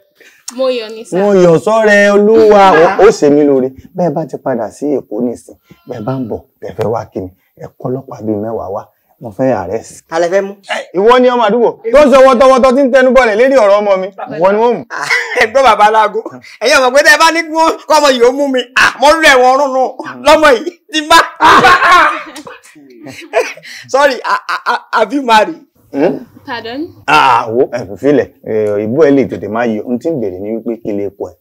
Mo yọ̀ sọ́rẹ́ olúwa ó ṣe mí lóore bẹ́ẹ̀ bá ti padà sí èkó nìsín bẹ́ẹ̀ bá ń bọ̀ bẹ́ẹ̀ fẹ́ wá kí ni ẹ̀kọ́ ọlọ́pàá bíi mẹ́wàá wá mo fẹ́ ààrẹ sí. alẹ́ fẹ́ mú. ìwọ ni ọmọ àdúgbò tó ń sọ wọtọwọtọ tí ń tẹnu bọlẹ̀ lérí ọ̀rọ̀ ọmọ mi ìwọ ni wọ́n mú. Ah, ẹgbẹ́ bàbá aláàgó ẹ̀yin ọmọ pé tẹ́ ẹ bá ní kó ọmọ yìí ó mú mi ah, mo rú ẹ̀wọ̀n ọ̀run nù lọ́mọ yìí ti bá. sorry have you married. Hmm? pardon. àwo ah, ẹ̀fẹ̀ filẹ̀ ìbú ẹ̀ lè tètè máa yọ ohun tí ń bèrè ni wípé kí lè pọ̀ ẹ̀.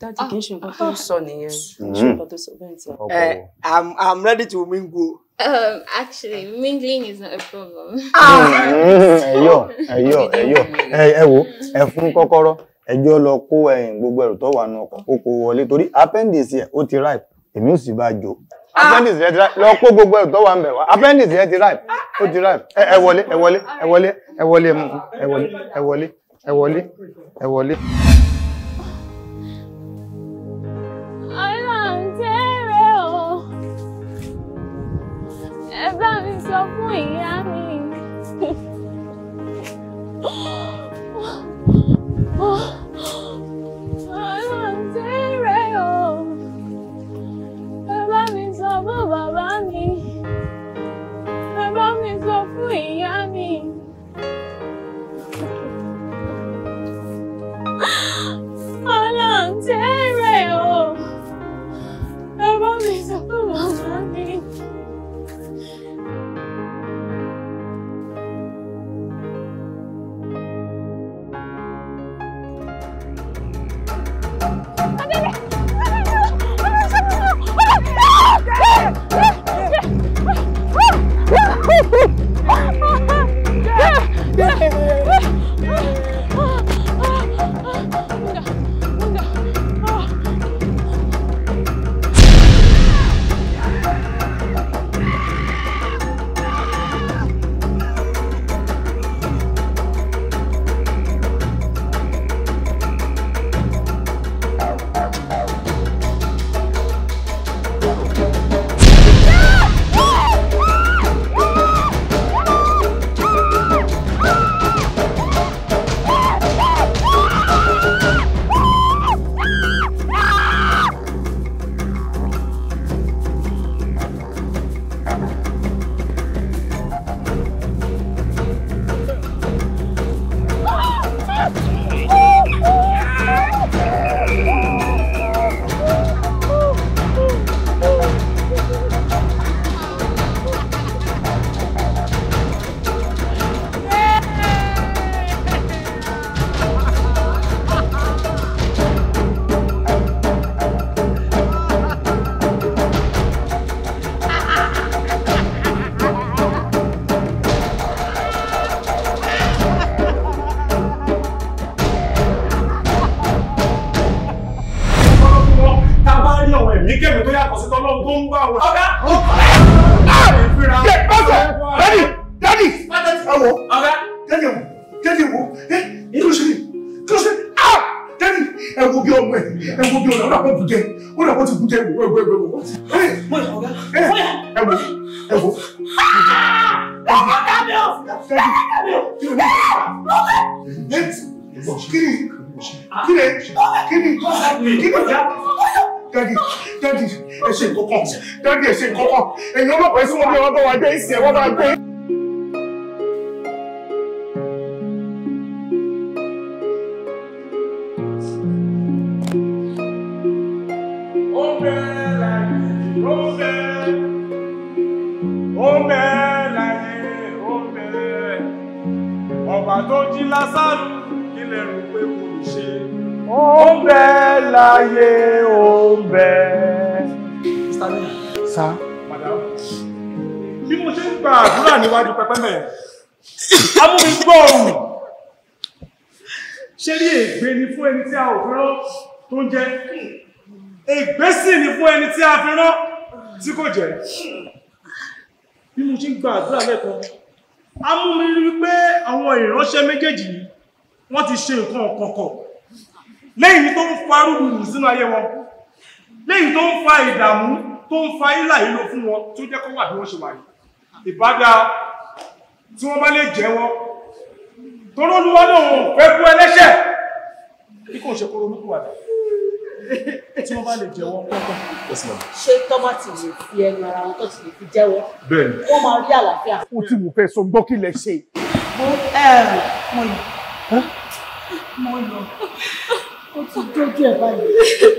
dájú kì í ṣe nǹkan tó sọ nìyẹn ṣe hmm. nǹkan tó sọ bẹ́ẹ̀ i'm i'm ready to mingle. Um, actually mingling is not a problem. Hmm, ẹyọ ẹyọ ẹyọ ẹ wo ẹ fún kọ́kọ́rọ́ ẹjọ lọ kó ẹ̀yìn gbogbo ẹrù tó wà nù ọkọ̀ kó kó wọlé torí appendix ẹ ó ti ripe èmi ò sì bá a appendix yẹn derive. ripe lọ kó gbogbo ẹrù tó wà ń bẹ̀ wá appendix yẹn derive? ripe ó ti ripe ẹ wọlé ẹ wọlé ẹ wọlé ẹ wọlé ẹ mú ẹ wọlé ẹ wọlé ẹ wọlé ẹ wọlé. Oh. me, Annie. Ọlọ́run tẹ́rẹ̀ Thank you. I think. ègbé ni fún ẹni tí a ò fi rán tó ń jẹ ègbé sì ni fún ẹni tí a fi rán tí kò jẹ bí mo ṣe ń gba àdúrà lẹ́kọ̀ọ́ a mú mi rí pé àwọn ìránṣẹ́ méjèèjì yìí wọ́n ti ṣe nǹkan ọ̀kọ̀ọ̀kọ̀ lẹ́yìn tó ń fa rúgbùrù sínú ayé wọn lẹ́yìn tó ń fa ìdààmú tó ń fa ìlà ìlò fún wọn tó jẹ́ kó wà bí wọ́n ṣe wà yìí ìbádá tí wọ́n bá lè jẹ́wọ́ torólúwọ́ náà fẹ́ kú ẹlẹ́ṣẹ̀ bí kò ṣe kóró nípò àdá tí wọ́n bá lè jẹ́wọ́ pọ́pọ́. ṣé tọ́ba ti lè fi ẹnu ara wọn tó ti lè fi jẹ́wọ́. bẹ́ẹ̀ni wọ́n máa rí àlàáfíà. ó ti wù fẹ́ sọ gbọ́ kí lẹ ṣe. mo mo yọ mo yọ ó ti dójú ẹ̀ báyìí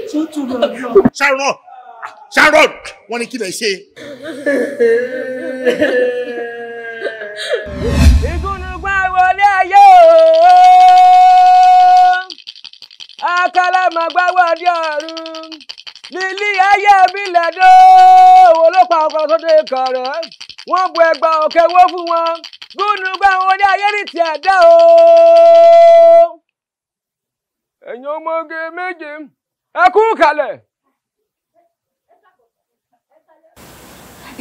ṣé ó tún lọ yọ. Sharon Sharon wọ́n ní kí lẹ ṣe. ìgúnnugba wọlé ayé o akálá máa gbá wádìí ọ̀run nílí ayé mi lẹ́dọ̀ owó ló pa ọkọ̀ sóde bu ẹgbà òkè wó fún wọn gúnú gbà wọn orí ayé ní ti ẹ̀dá o. ẹ̀yin ọmọge méje ẹ kú kalẹ̀.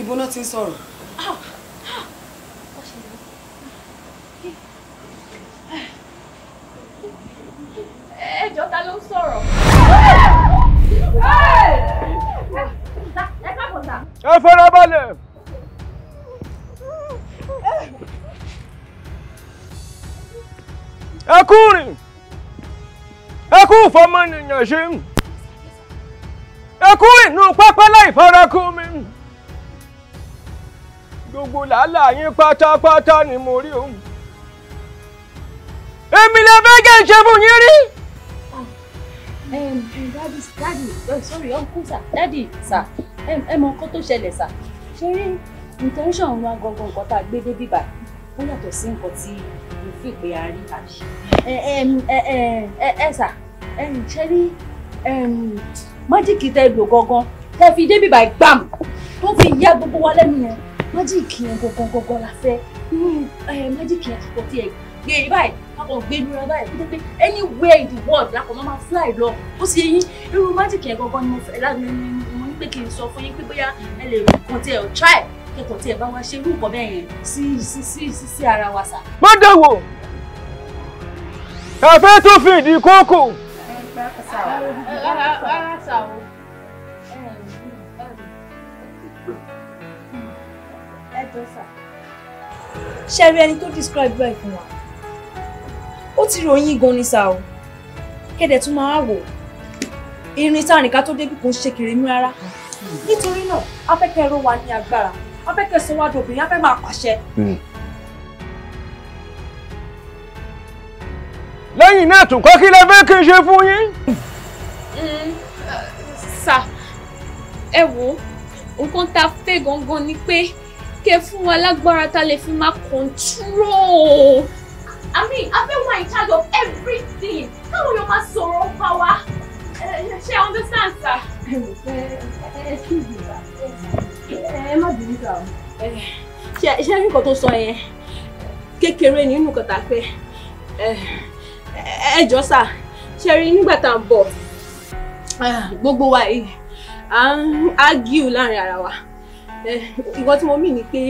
ibo náà ti ń sọ̀rọ̀. ẹjọ́ ta ló ń sọ̀rọ̀. ẹ fara balẹ̀. ẹ kú rìn ẹ kú fọmọnìyàn ṣe ẹ kú inú pápá láì farakú mi gbogbo làálàá yín pátápátá ni mo rí òun èmi lè fẹ́ kẹ́ ń ṣe fún yín rí um, daddy daddy oh, sorry uncle sir daddy sir Um, um, Uncle tó ṣẹlẹ̀ sir ṣe rí intention wa gangan nǹkan tá a gbé dé bíbá ó yàtọ̀ sí nǹkan tí mo Eh, eh, a rí àbí ẹ sà ṣe rí májíìkì tẹ lò gangan tẹ fi dé bíbá gbàm tó fi yá gbogbo wa Magic yẹn májíìkì yẹn gangan gangan la fẹ́ májíìkì yẹn kò tiẹ̀ gbé báyìí akọ̀ gbé lura báyìí kó tẹ́ pé anywhere in the world lakọ̀ máa fly lọ ó sì yín irú májìkì yẹn gangan ni mo fẹ́ láti mo ní pé kí n sọ fún yín pé bóyá ẹ lè kàn tí ẹ ò try kẹkọ̀ọ́ tí ẹ bá wá ṣe irú nǹkan bẹ́ẹ̀ yẹn sí sí sí sí sí ara wa sà. má dánwò ẹ fẹ́ tún fi ìdí kókò. rárá sà o. ẹ jọ sà. ṣe rí ẹni tó describe bẹ́ẹ̀ fún wa ó ti ròyìn gan ni sá o kẹ́dẹ̀ tún máa wò irin tá àrìnká tó débi kò ń ṣe kèrèmí rárá nítorí náà afẹ́kẹ́ ẹ̀rọ wa ní agbára afẹ́kẹ́ sọ́wádìí obìnrin afẹ́ máa pàṣẹ. Hmm. lẹ́yìn náà tún kọ́ kí lẹ fẹ́ kí n ṣe fún yín. Hmm. sà ẹ wo nǹkan tá a fẹ́ gangan ni pé kẹ́ fún wa lágbára tá a lè fi máa kọ́ńtúrò. I mean, I've been in charge of everything. Káwọn èèyàn máa sọ̀rọ̀ ń power. wá. Ṣé ẹ understand, sir? Ẹ ṣí ìgbà. eh, má bínú sá o. Ṣé ṣé nǹkan tó sọ yẹn kékeré nínú nǹkan tá a eh, eh, jọ sá, ṣe rí nígbà tá à ń bọ̀. Ah, gbogbo wa yìí, à ń ágíù láàrin ara eh, Ìwọ tí mo mì ni pé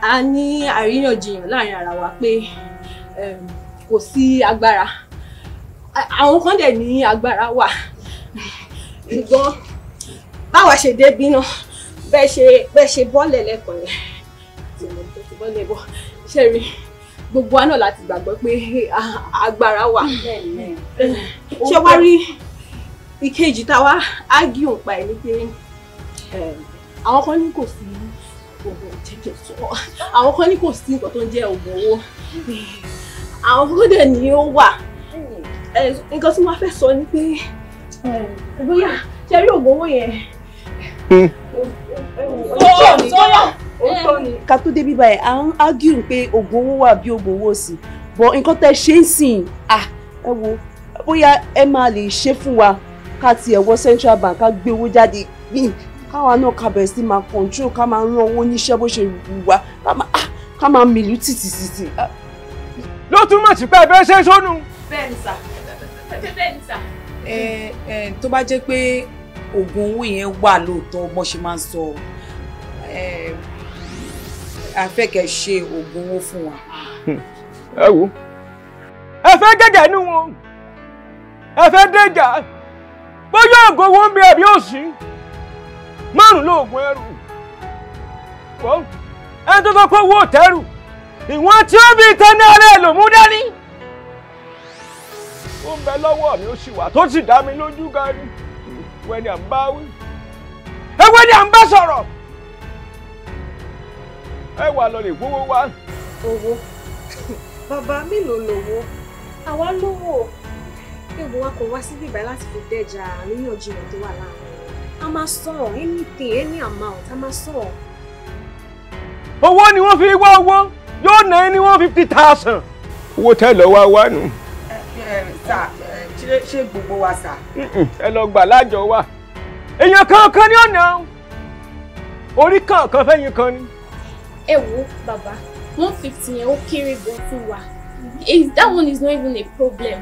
a ní àríyànjiyàn láàrin ara wa pé. Um, kò sí agbára àwọn kan dẹ̀ ní agbára wà ṣùgbọ́n báwa ṣe débi náà bẹ́ẹ̀ ṣe bẹ́ẹ̀ ṣe bọ́ọ̀lẹ̀ lẹ́kọ̀ọ́ yẹn tí mo ti bọ́ọ̀lẹ̀ bọ̀ ṣe rí gbogbo wa náà láti gbàgbọ́ pé agbára wà ṣé wá rí ìkejì táwa ágíùn pa ẹni pé um, àwọn kan ní kò sí oògùn jẹjẹrẹ sọ àwọn kan ní kò sí nǹkan tó ń jẹ oògùn owó àwọn kókó dẹ̀ ni ó wà hmm. nǹkan tí wọ́n fẹ́ sọ ni pé bóyá ṣe rí ògùn owó yẹn. sọ́yọ̀ hmm. sọ́yọ̀. ká tó débi báyìí à ń ágìrì pé ògùn owó wà bí ògùn owó sí bọ̀ nǹkan tẹ́ ṣe ń sìn à ẹ wo bóyá ẹ máa lè ṣe fún wa ká ti ẹ̀wọ́ central bank ká gbé owó jáde gbìn káwa náà ká bẹ̀rẹ̀ sí máa control ká máa rán owó níṣẹ́ bó ṣe wù wá ká máa mìlú títì títì ó túmọ̀ sí pé ẹbẹ́ ṣe sónú. bẹ́ẹ̀ni sà bẹ́ẹ̀ni sà. ẹ ẹ tó bá jẹ́ pé oògùn owó yẹn wà lóòótọ́ bó ṣe máa ń sọ afẹ́kẹ́ ṣe oògùn owó fún wa. Hm. ẹ wo ẹ fẹ́ gẹ́gẹ́ nínú wọn ẹ fẹ́ déjà bóyá oògùn owó ń bẹ ẹ̀bí òsì márùn-ún lóògùn ẹrù ẹni tó sọ pé owó tẹ́rù. ìwọ́n tí ó bí ìtẹ́ni ara ẹ̀ ló mú dání. ó bẹ lọ́wọ́ mi ó sì wà tó sì dá mi lójú gari ni à ń bá wí. ewé ni à ń bá sọ̀rọ̀. ẹ wà lọ lè gbówó wá. owó bàbá mi ló lówó àwa lówó wa kò wá láti fi dẹ́jà àríyànjiyàn tó wà owó ni wọ́n fi wá owó. yóò ná ẹ ní one fifty thousand. owó tẹ́ lọ wá wá nù. sà ṣé gbogbo wa sà. ẹ lọ gbà lájọ wa. èèyàn kankan ni ó ná orí kankan fẹ́yìn kan ni. ẹ wo bàbá one fifty yẹn ó kéré gan fún wa eh, that one is not even a problem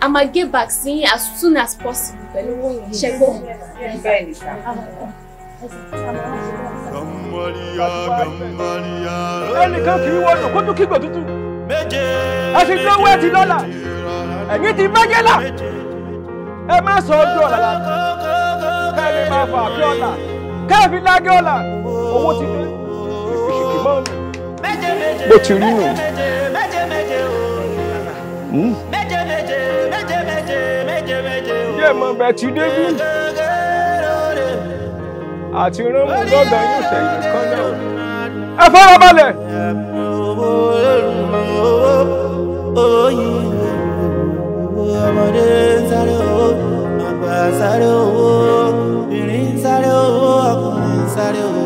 i ma get back sí as soon as possible pẹ̀lú owó yẹn ṣẹ́gbọ́n. bẹ́ẹ̀ ni sà gàmàlíyà gàmàlíyà. ẹnìkan kì í wọnú kó tún kígbe tútù. méje ẹ ti dánwó ẹ ti dọ́là ẹ̀yìn ti méje là ẹ má sọ ojú ọ̀la láti kẹ́ẹ̀mí máa fà kí ọ̀la kẹ́ẹ̀fì lágé ọ̀la owó ti dé ìfìṣìkì mọ́ mi. bó ti rí nù. yé mọ̀ bẹ́ẹ̀ ti dé bí àti rẹ́mú lọ́dọ̀ yóò ṣẹ̀yìn kan náà. ẹ fara balẹ̀. ọmọdé ń sáré owó àgbà sáré owó ìrìn sáré owó ọkùnrin sáré owó.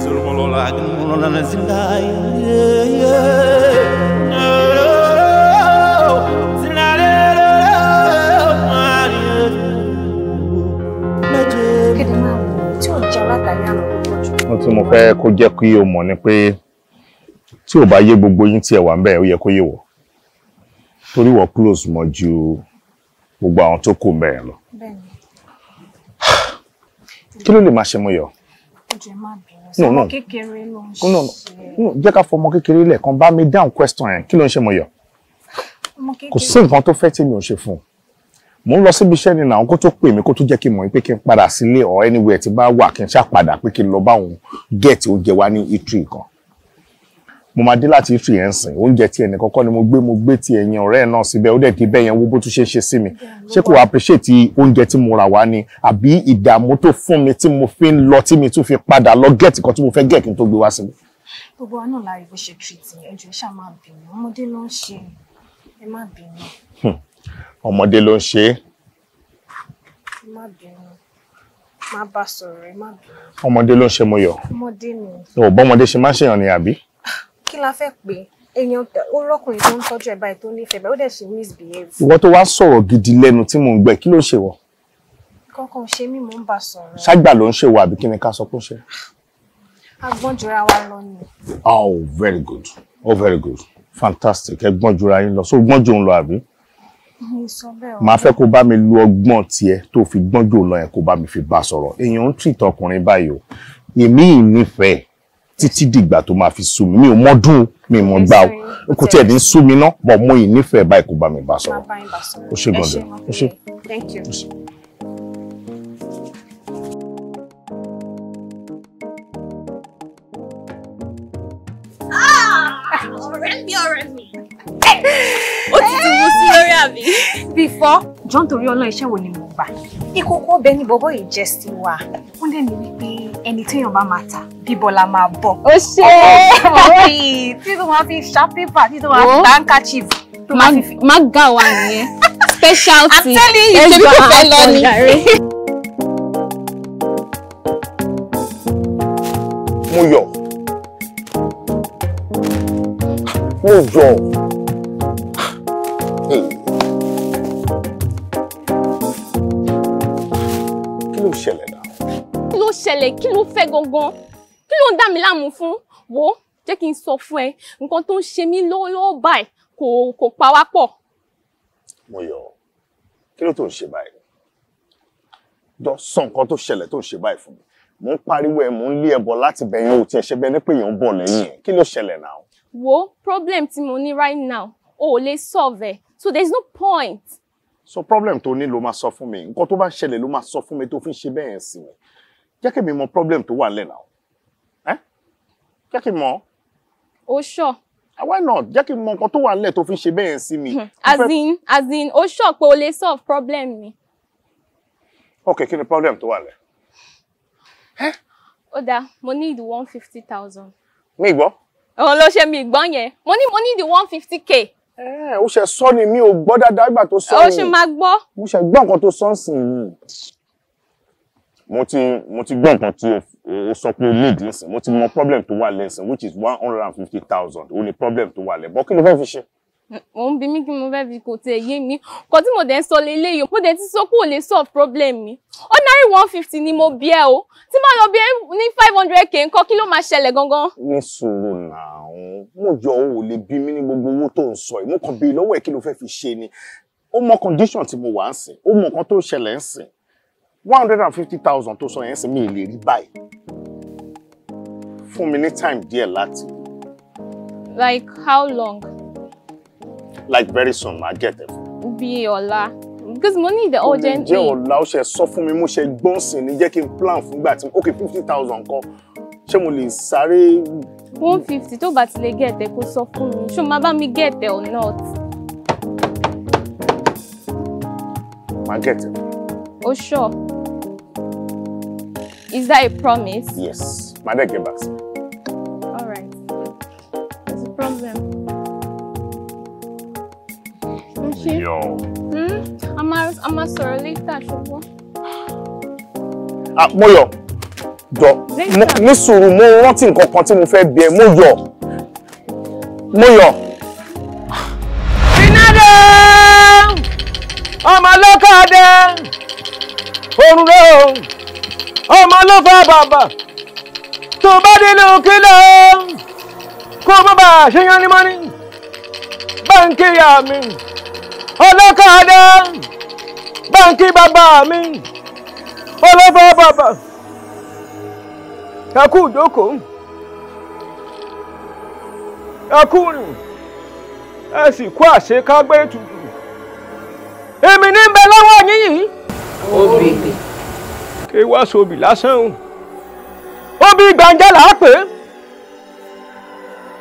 Solomon Lola, Gnulola, Zindai, yeah, yeah. tí mo fẹ́ kó jẹ́ kí o mọ̀ ni pé tí ò bá yé gbogbo yín tí ẹ wà ń bẹ̀ ó yẹ kó yé wọ̀ torí wọ́n close mọ́ ju gbogbo àwọn tó kù mẹ́rin lọ. kí ló lè máa ṣe mú yọ? no no no no jẹ́ ká fọmọ kékeré lẹ̀ kan bá mi down question yẹn kí ló ń ṣe mú yọ? kò sí nǹkan tó fẹ́ tí mi ò ṣe fún un mo ń lọ síbi iṣẹ́ ni náà kó tó pè mí kó tó jẹ́ kí n mọ̀ pé kí n padà sílé or anywhere tí bá wà kí n ṣàpadà pé kí n lọ bá òun gẹ̀ẹ́tì oúnjẹ wa ní eatery kan mo máa dé láti eatery yẹn sìn oúnjẹ tí ẹnì kọ́kọ́ ni mo gbé mo gbé ti ẹ̀yìn ọ̀rẹ́ náà síbẹ̀ ó dẹ̀ di bẹ́ẹ̀ yẹn wo bó tún ṣe ń ṣe sí mi ṣé kò appreciate oúnjẹ tí mo rà wá ni àbí ìdààmú tó fún mi tí mo fi ń lọ tí mi tún fi padà lọ gẹ̀ẹ́tì ọmọdé ló ń ṣe é. má bínú má bá sọ̀rọ̀ ẹ má bínú. ọmọdé ló ń ṣe Mọ́yọ̀. ọmọdé ni. ò bọ́mọdé ṣe má ṣèyàn ni àbí. kí la fẹ́ pé èèyàn ó rọ́kùnrin tó ń tọ́jú ẹ̀ báyìí tó nífẹ̀ẹ́ báyìí ó dẹ̀ ṣe misbehave. ìwọ tó wá sọ̀rọ̀ gidi lẹ́nu tí mò ń gbẹ kí ló ṣe wọ. kankan ṣe mí mò ń bá sọ̀rọ̀. ṣágbà ló ń ṣe wọ àbí kí ni ká sọ pé ó ṣe. agbọ́n jura wa lọ ni. oh very good oh very good fantastic ẹ gbọ́n jura yín lọ so gbọ́n jù ń lọ àbí màá fẹ́ kó bá mi lu ọgbọ́n tiẹ̀ tó fi gbọ́n jò lọ yẹn kó bá mi fi bá sọ̀rọ̀ èèyàn ń tì tọkùnrin báyìí o èmi ì nífẹ̀ẹ́ títí dìgbà tó máa fi sú mi mi ò mọ́dún mi mọ̀ gbà o kò tiẹ̀ ní sú mi ná bọ̀ mo ì nífẹ̀ẹ́ báyìí kó bá mi bá sọ̀rọ̀ ó ṣe gbọ́dọ̀ ó ṣe. Thank you. Ah! Ọ̀rẹ́ mi, ọ̀rẹ́ mi. àbí. before john torí ọlọ́run iṣẹ́ wo ni mo gbà ìkókó ọbẹ̀ ni bọ́bọ́ yìí jẹ́ sí wa wọ́n dẹ̀ ní wípé ẹni téèyàn bá máa ta bíbọ́lá máa bọ̀. ó ṣe é tí tó máa fi ṣá pépà tí tó máa fi handkerchief tó máa fi. má gà wá nìyẹn specialty ẹgbà àtọ̀ yàrá. mo yọ̀ mo yọ̀. balẹ̀ kí ló fẹ́ gangan kí ló ń dà mí láàmú fún wo jẹ́ kí n sọ fún ẹ nǹkan tó ń ṣe mí lọ́wọ́lọ́wọ́ báyìí kò kò pa wá pọ̀. mo yọ kí ló tó ń ṣe báyìí jọ sọ nǹkan tó ṣẹlẹ̀ tó ń ṣe báyìí fún mi mo ń pariwo ẹ mo ń lé ẹbọ láti bẹyìn o tiẹ̀ ṣe bẹ ní pé èèyàn ń bọ̀ lẹ́yìn ẹ kí ló ṣẹlẹ̀ náà. wo problem tí mo ní right now o ò lè solve ẹ so there is no point. so problem tó ní ló máa sọ fún mi nǹkan tó bá ṣẹlẹ̀ ló máa sọ fún mi tó fi ń ṣe bẹ́ẹ̀ sí mi jẹ́ kí mi mọ problem tó wà nílẹ̀ náà ẹ́ jẹ́ kí n mọ. o sọ. Ah, why not jẹ́ kí n mọ nǹkan tó wà nílẹ̀ tó fi ṣe bẹ́ẹ̀ sí mi. Hmm. as in as o sọ pé o lè solve problem mi. ok kí ni problem tó wà lẹ̀. ó dáa mo need one fifty thousand. mi gbọ́. òun ló ṣe mi gbọ́ yẹn mo ní mo need one fifty k ó ṣe sọ ni mi ò gbọ́ dáadáa nígbà tó sọ ni ó ṣe máa gbọ́ mo ṣe gbọ́ nǹkan tó sọ ń sìn yìí mo ti mo ti gbọ́ nǹkan tí o sọ pé lead nísìn mo ti mọ problem tó wà lẹ́sìn which is one hundred and fifty thousand o ní problem tó wà lẹ́ bọ́ kí ló fẹ́ fi ṣe mo ń bi mí kí mo fẹ́ fi kò tẹ̀ yé mi kò tí mo dẹ̀ ń sọ leléyìí mo dẹ̀ ti sọ pé ò lè solve problem mi ordinary one fifty ni mo bí ẹ o tí bá lọ bí ẹ ní five hundred k ńkọ́ kí ló máa ṣẹlẹ̀ gangan. ní sùúrù náà mo jọ ò lè bí mi ní gbogbo owó tó ń sọ yìí mo kàn bí lọ́wọ́ ẹ̀ kí ló fẹ́ fi ṣe ni ó mọ condition tí mo wà ń sìn ó mọ nǹkan tó ṣẹlẹ̀ ń sìn one hundred and fifty thousand tó sọ yẹn sì mi lè rí báyìí fún mi ní time díẹ̀ láti. like how long. like very soon ma get it. bí ọ̀la because money need the urgent need. ǹjẹ́ ọ̀la ó ṣe sọ fún mi mo ṣe gbọ́n sí ni jẹ́ kí n plan fúngbà tí ok fifty thousand kan ṣé mo lè sáré. one fifty tó bá ti lè gẹ̀ẹ́tẹ̀ kó sọ fún mi ṣó máa bá mi gẹ̀ẹ́tẹ̀ or not. máa gẹ̀ẹ́tẹ̀. o sure. Is that a promise? Yes. My dad came back. All right. There's a problem? Okay. Yo. Hmm? I'm a, I'm a sọ̀rọ̀ later, Shobo. Ah, Moyo. Do. ní sùúrù mo rántí nǹkan kan tí mo fẹ́ bi ẹ́, Moyo. Moyo. Rinado! Ọmọ lọ́kọ̀ọ́dẹ! Orun lóhùn! ọmọ ló fa bàbà tó bá délé òkè lọ kó o má bàa ṣe yan ní mọ́ni báńkì ìyá mi ọlọ́kadà báńkì bàbá mi ọlọ́fà bàbà ẹ kú ìjókòó ẹ kú rìn ẹ sì kú àṣekágbé tutù èmi ní bẹ lọ́wọ́ yín yìí. obìnrin. kí wá sobì lásán o obì gbàǹjà là á pè é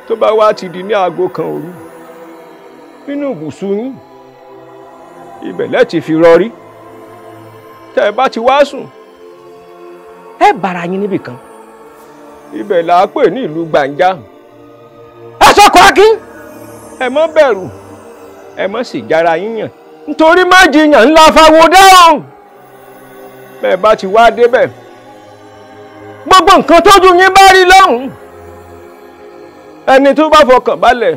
tó bá wá ti di ní aago kan òru nínú ibùsùn yín ibẹ̀ lẹ́tì fi rọrí tẹ́ ẹ bá ti wá sùn ẹ bára yín níbì kan ibẹ̀ là á pè ní ìlú gbàǹjà ẹ sọkọ akín ẹ má bẹ̀rù ẹ má sì jára yín yàn nítorí má jiyàn ńlá fáwọn dáhùn. bẹ́ẹ̀ bá ti wá débẹ̀ gbogbo nǹkan tójú yín bá rí lọ́hùn ẹni tó bá fọkàn balẹ̀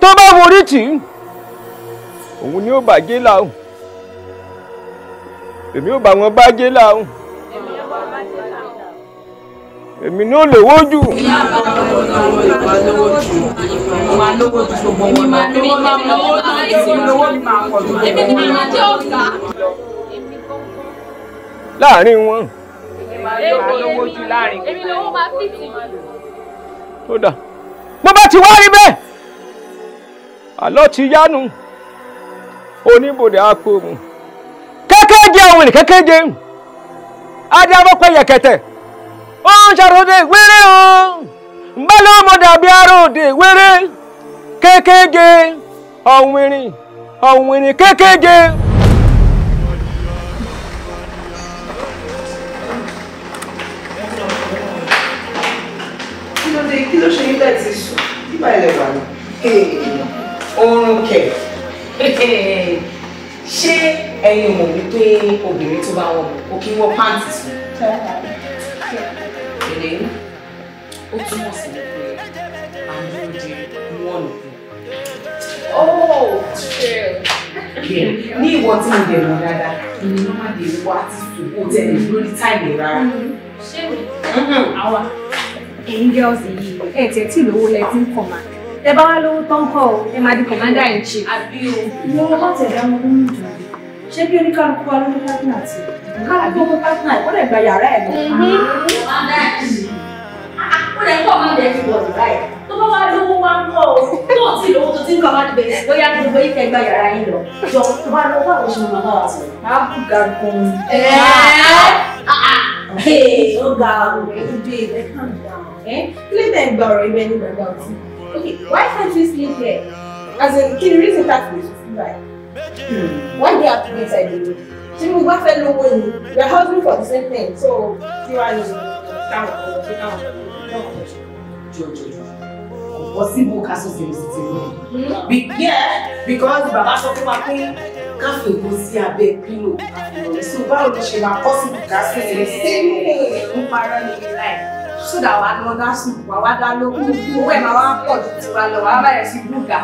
tó bá forí tì í òun ni ó bàjẹ́ làwọn èmi ò bá wọn bàjẹ́ làwọn èmi ní ó lè wójú. èmi máa lówó tó ń bọ̀ láàrin wọn. ó dà bó bá ti wá rí bẹ́ẹ̀ àlọ́ ti yánu oníbòdè àpò mu kẹ́kẹ́ jẹ́ je adé abọ́pẹ́ yẹ̀kẹ̀tẹ̀ ó ń ṣàròdè wéré o bẹ́ẹ̀ ló dàbí àròdè wéré kékéje ọ̀wìnrin ọ̀wìnrin kí ló ṣe yín bẹ́ẹ̀ ti sùn nígbà ilẹ̀ wà ní. oorun kẹ̀ ṣé ẹ̀yin mọ̀ wípé obìnrin tó bá wọn kò kí wọ́n pàǹtì sùn. èrè ó túmọ̀ sí pé àwọn òde wọ́n nù. oh chill ní ìwọ tí mo dẹ̀ mọ̀ dáadáa ìní ló má dé wá ti sòkò tẹ̀lé lórí táìmì rárá. Mm-hmm. ṣé mi mm-hmm. àwa ẹ̀yin girls yìí ẹ̀ tẹ̀ tí lówó lẹ ti ń kọ̀ mà ẹ bá wá lówó tán kọ́ ọ ẹ máa di commander in chief. àbí o. ìwọ ọlọ́pàá tẹ̀lé àwọn ọmọ mi jù ṣé bí oníkálukú wa ló ní pátínà tí kálukú ọmọ pátínà ẹ̀ wọ́n lè gba yàrá ẹ̀ lọ. Mhm. ó lè kọ́ ọmọ bẹ̀rẹ̀ fi wọ̀ báyìí tó bá wá lówó wá ń kọ́ o tó ò tí lówó tó ti ń kọ́ máa dìbẹ̀ lóyá gbogbo yìí fẹ́ gba yàrá yín lọ jọ tó bá lọ́wọ́ àwọn oṣù màmá wa sọ máa kú ga gan-an. ó ga òkè tó dé Eh? Play them glory when you were Okay, why can't you sleep here? As in, kí ni reason that we should sleep by? Hmm. Why do you have to be inside the room? Ṣé mo bá fẹ́ lówó ni? We are hustling for the same thing, so kí wàá ní káwọn ọ̀rọ̀ ṣe káwọn ọ̀rọ̀ ṣe. Jọjọjọ, kò bọ́ sí bó ká sọ sẹ́yìn sí hmm? because bàbá sọ fún wa pé ká fi èkó sí abẹ́ pílò. Àfihàn ìṣó báwo ló ṣe máa pọ́sibù ká sẹ́yìn sí ti rú. Mo sódà wàá lọ dá sùn wàá wá dá lókun owó ẹ̀ máa wá pọ̀ ju tiwa lọ wàá bẹ̀rẹ̀ sí búgà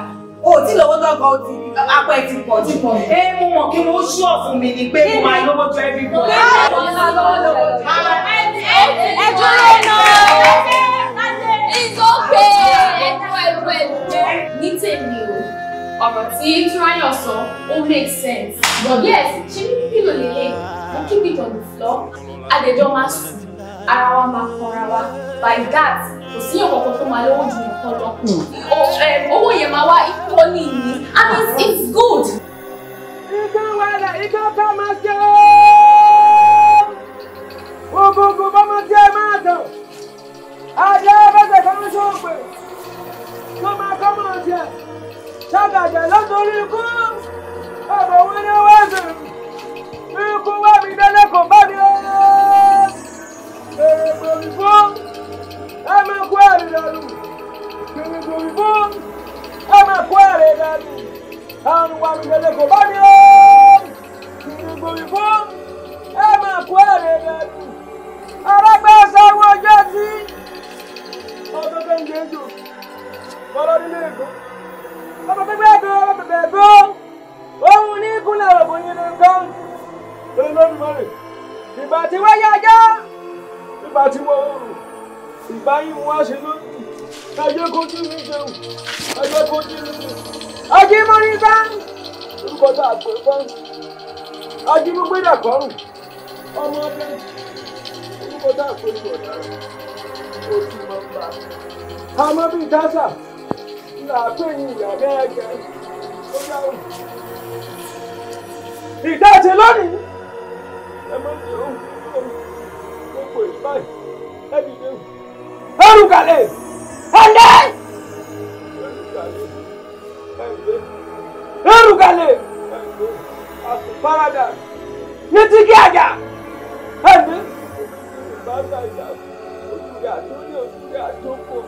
o ti lówó tọkọ o ti apá ẹ ti pọ̀ ti pọ̀. ẹ mo mọ̀ kí mo ṣú ọ̀fun mi ni pé mo máa lówó tó ẹbí bọ̀. ẹ dúró náà ìsọpẹ ẹkọ ẹrú ẹgbẹ ní tèmi o ọ̀rọ̀ tí tíráyọ̀ sọ ó make sense but yes ṣé ní pípìlò lélẹ̀ mo keep it on the floor àdèjọ máa sùn ara wa máa kanra wa by that kò sí ìwọ̀n kan máa lówó ju nǹkan lọ eh, owó yẹn máa wá equally ní i mean it's good. ikú wàhálà ikú ọkọ máa jẹ ògùngùn bá máa jẹ máa dàn àjẹ bẹsẹ kan ṣòpè tó máa kọ́ máa jẹ ṣàgàjẹ lọ́sọ̀rí ikú ọ̀bọ̀ wọn ni wọ́n ṣe ikú wà mí délé kò bá mi rẹ̀. Kìrìgbòmìfọ́ ẹ máa kó ẹ̀rì dànù. Kìrìgbòmìfọ́ ẹ máa kó ẹ̀rì dànù. Àrùn wà lùgbẹ̀dẹ̀ kò bá ní o. Kìrìgbòmìfọ́ ẹ máa kó ẹ̀rì dànù. Arágbá sanwó ọjọ́ sí. Ọ̀dọ́ tó ń jẹ́ jù. Bọ́lá Ìgbà tí wáyé ajá ìbá tí mo rò ìbá yín mo wá ṣe lónìí ẹjẹ kojú mi jẹun ẹjẹ kojú mi jẹun. Ajímọ́rí báńkì orúkọ tá a pè báńkì Ajímọ́gbédà kọ́rùn ọmọ bẹ́ẹ̀ orúkọ tá a pè ní ọ̀daràn ojú máa ń bá a. àmọ́ bíi tásà là á ní ìyá gẹ́gẹ́ ó dáhùn. ìdá ti lónìí ẹ má jẹun pè báyìí ẹ dìde o. olùkàlẹ̀. ọ̀dẹ́. olùkàlẹ̀. àtùpárádà. ní ti kí àjà. ẹ̀mí. ìbáṣà ìjà òṣùgbà tó ní òṣùgbà tó kọ.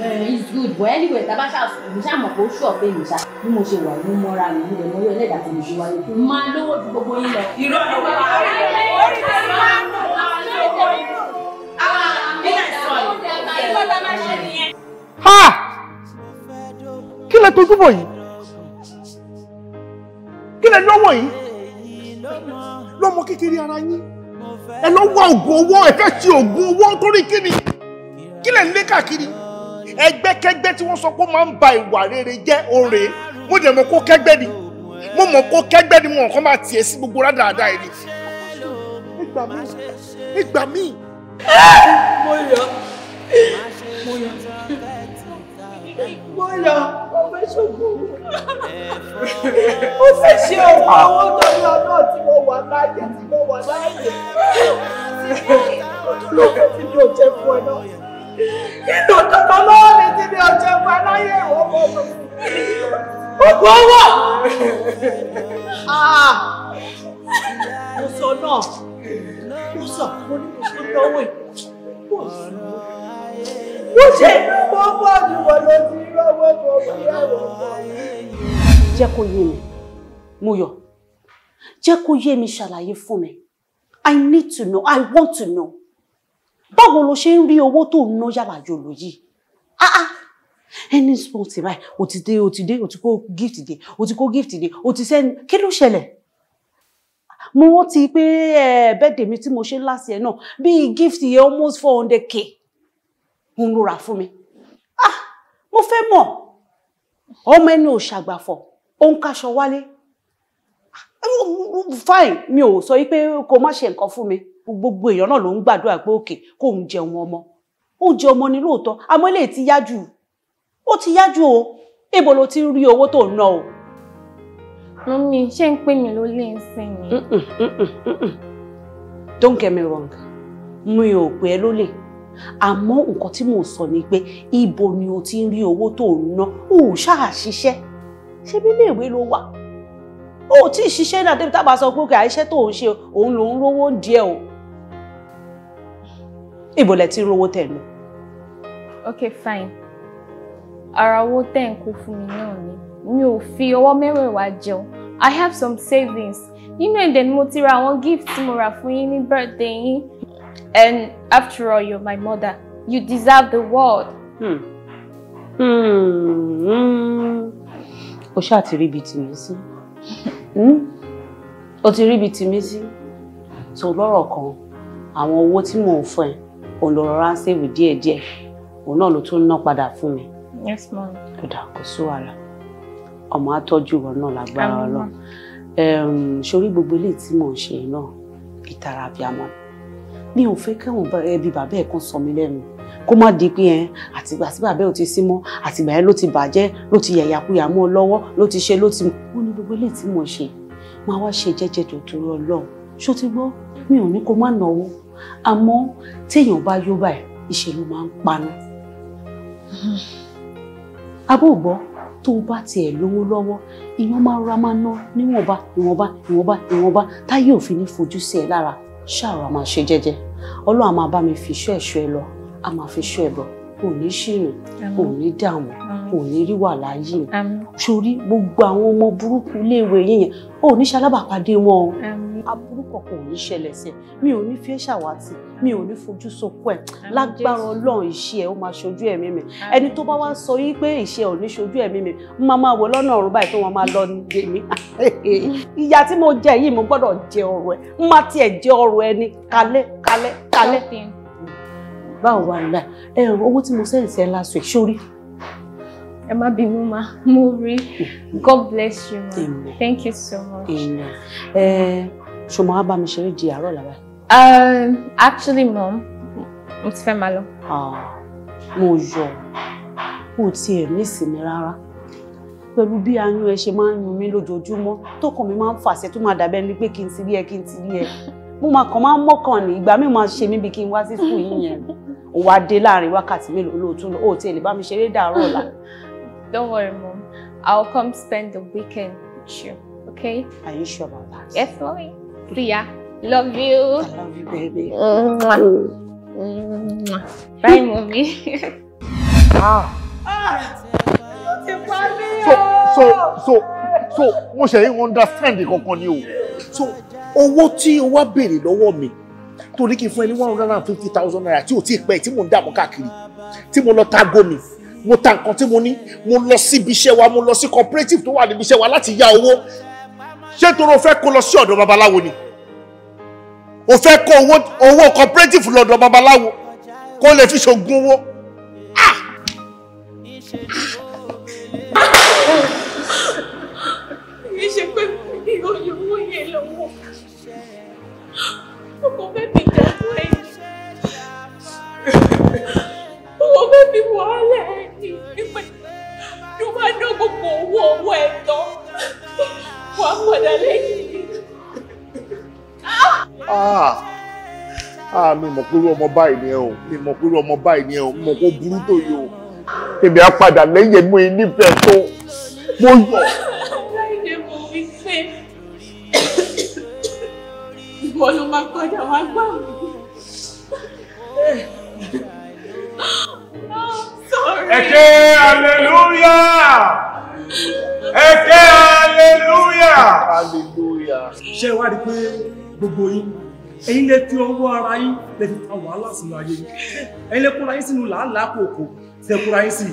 Eh, it's good but anyway tá a bá ṣàfihàn pé ó ṣù ọ̀pẹ mi bí mo ṣe wà ní mọ́ra mi ní ẹ̀mọ́ orí ẹlẹ́dàá tó lè ṣe wáyé máa lówó ju gbogbo yín lọ. irọ́ ló wà á rí orí ti máa ń lò wá lówó inú. àwọn àmìlẹ̀ sọ̀rọ̀ ìgbọ́ tá a máa ṣe nìyẹn. ha kí lẹ tojú bò yìí kí lẹ lọ́wọ́ yìí lọ́mọ kékeré ara yín ẹ lọ wá oògùn owó ẹ fẹ́ ṣe oògùn owó torí kí ni kí lẹ ń lé káàkiri ẹgbẹ́kẹ́gbẹ́ tí wọ́n sọ pé ó máa ń ba ìwà rere jẹ́ òre mo dẹ̀ mọ̀ kó kẹ́gbẹ́ ni mo mọ̀ kó kẹ́gbẹ́ ni mo kàn máa tiẹ̀ sí gbogbo rádaràda ẹ̀ ni. ìgbà mi ìgbà mi. mo yọ mo yọ mo yọ mo fẹ́ ṣògbọ́n mo fẹ́ ṣe ọ̀pọ̀ àwọn tó yọ náà tí mo wà láàyè tí mo wà láàyè tí mo lọ́kọ̀ tí jẹ́ fún ẹ náà nínú tọkọ lọ́wọ́ mi tí mi ò jẹ́ pa láyé ìwọ mọ́ gbogbo owó. Ah! mo sọ náà mo sọ fún mi mo sọ lọ́wọ́ yìí mo ṣe gbogbo ìwọ ló ti rọwọ́ bọ̀ ìyàwó. jẹ́ kó yé mi mo yọ jẹ́ kó yé mi ṣàlàyé fún mi I need to know I want to know báwo lo ṣe ń rí owó tó ń ná yàrá yòlò yìí ah ah any small thing báyìí o ti dé o ti dé o ti kó gift dé o ti kó gift dé o ti sẹ́ni kí ló ṣẹlẹ̀ mo rántí pé bẹ́ẹ̀dẹ̀ mi tí mo ṣe last year náà bíi gift yẹn almost four hundred k ń rora fún mi ah mo fẹ́ mọ̀ ọmọ ẹni ò ṣàgbàfọ̀ ó ń wálé ah, fine mi ò sọ yí pé kò má ṣe nǹkan fún mi gbogbo èèyàn náà ló ń gbàdúrà pé òkè kóun jẹun ọmọ oúnjẹ ọmọ ni lóòótọ́ àmọ́ eléyìí ti yájú ó ti yájú o ibo ló ti ń rí owó tó ná o. mọ́mí ṣé ń pè mí ló lè ń sìn ni. don't get me wrong mi ò pè ẹ́ ló lè àmọ́ nǹkan tí mò ń sọ ni pé ibo ni o ti ń rí owó tó ná o ò ṣáà ṣiṣẹ́ ṣé bí iléèwé ló wà o ò tí ì ṣiṣẹ́ náà débi tá sọ pé òkè àìṣẹ́ tó ń ṣe òun lòún rówó ń o ibo lẹ ti rówó tẹ̀ lọ. Okay, fine ara owó tẹ̀ ń kó fún mi náà ni mi ò fi ọwọ́ mẹ́wẹ̀ẹ̀wá jẹun i have some savings nínú ẹ̀dẹ̀ ni mo ti ra àwọn gift tí mo rà fún yín ní birthday yín and after all you're my mother you deserve the world. Hmm. Hmm. o ṣáà ti rí ibi tì mí sí hmm? o ti rí ibi tì mí so lọ́rọ̀ kan àwọn owó tí mò ń fún ẹ òun ló rọra ń sèwé díẹ̀díẹ̀ òun náà ló tún ná padà fún mi. yes ma'am. kò dà kó sí wàhálà ọmọ àtọ́jú wọn náà lágbára Ọlọ́run sórí gbogbo eléyìí tí mò ń ṣe náà ìtara abiyamọ mi ò fẹ́ kẹ́wọ̀n ẹbí bàbá ẹ̀ kan sọ mí lẹ́nu kó má di pé ẹn àtìgbà tí bàbá ẹ̀ ò ti sí mọ́ àtìgbà yẹn ló ti bàjẹ́ ló ti yàyàkuyà mọ́ ọ lọ́wọ́ ló ti ṣe ló ti mọ́ ó ní gbogbo eléyìí tí mò ń ṣe máa wá ṣe jẹ́jẹ́ tòótọ́ Ọlọ́run ṣó ti gbọ́ mi ò ní kó má náwó àmọ́ téèyàn bá yó báyìí ìṣèlú máa ń paná. abóògbọ́ tó bá tiẹ̀ lówó lọ́wọ́ èèyàn máa ra máa ná níwọ̀nba ìwọ̀nba ìwọ̀nba ìwọ̀nba táyé òfin ní fojú sí ẹ lára ṣáàrọ̀ a máa ṣe jẹ́jẹ́ ọlọ́run a máa bá mi fi iṣẹ́ ẹ̀ṣọ́ ẹ lọ a máa fi iṣẹ́ ẹ bọ̀ ò ní ṣìrìn ò ní dààmú ò ní rí wà láyé sórí gbogbo àwọn ọmọ burúkú iléèwé yẹn ò ní ṣalábàpàdé wọn o aburú kankan ò ní ṣẹlẹ̀ sí mi ò ní fi ẹ́ ṣàwátì mi ò ní fojú sunkún ẹ̀ lágbára ọlọ́run iṣẹ́ ẹ̀ ó máa ṣojú ẹ̀mí mi ẹni tó bá wá sọ yín pé iṣẹ́ ò ní ṣojú ẹ̀mí mi mo máa máa wò lọ́nà ọ̀run báyìí tó wọn máa lọ dè mí ìyá tí mo jẹ yìí mo gbọ́dọ̀ jẹ ọ̀rọ̀ ẹ̀ n má tiẹ̀ jẹ ọ̀rọ̀ ẹni kalẹ́ kalẹ́ kalẹ́ báwo wà nílà ẹ owó tí mo sẹ́yìn sí ẹ lásìkò ìṣórí ẹ má bínú ma mo rí god bless you ma thank you so much ṣo máa bá mi ṣeré di àárọ̀ làbá. Um, actually mom mo ti fẹ́ máa lọ. Ah, mo yọ kò tiẹ̀ nísìnyí rárá pẹ̀lú bí ayún ẹ ṣe máa ń yún mi lójoojúmọ́ tókàn mi máa ń fàṣẹ tó máa dàbẹ́ ni pé kí n ti rí ẹ kí n ti rí ẹ mo máa kàn máa ń mọ́kàn ní ìgbà míì máa ṣe mí bí kí n wá sí sùkúù yín yẹn ò wá dé láàrin wákàtí mélòó lóòótọ́ ó tiẹ̀ lè bá mi ṣeré dàárọ̀ ọ̀la. don't worry mom i will come spend the weekend with you okay. are you sure about that. yes mommy. Tia, love you. I love you, baby. Mwah. Mwah. Bye, mommy. ah. So, so, so, so, mo ṣe yín understand kankan ni o. So, owó tí o wá béèrè lọ́wọ́ mi torí kí n fún ẹ ní one hundred and fifty thousand naira tí ò tí ì pẹ́ tí mò ń dààmú káàkiri tí mo lọ ta gómi mo ta nǹkan tí mo ní mo lọ síbi iṣẹ́ wa mo lọ sí cooperative tó wà níbi iṣẹ́ wa láti yá owó ṣé torí o fẹ́ kó lọ sí ọ̀dọ̀ babaláwo ni o fẹ́ kó owó cooperative lọ́dọ̀ babaláwo kó lè fi ṣògùn owó ah! Ah! Ah. ah mi mọ̀ pé irú ọmọ báyìí ni ẹ o mi mọ̀ pé irú ọmọ báyìí ni ẹ o mi mọ̀ kó burú tó yìí o èmi á padà lẹ́yìn mú yín nífẹ̀ẹ́ tó mo yọ̀. ìwọ ló máa padà wá gbà mí. Ẹ̀kẹ́ aleluya! Ẹ̀kẹ́ aleluya! Ṣé wá rí pé gbogbo yín ẹ̀yin lè fi ọwọ́ ara yín lè fi ta wàhálà sínú ayé yín ẹ̀yin lè kóra yín sínú làálàá kòkó tẹ kóra yín sí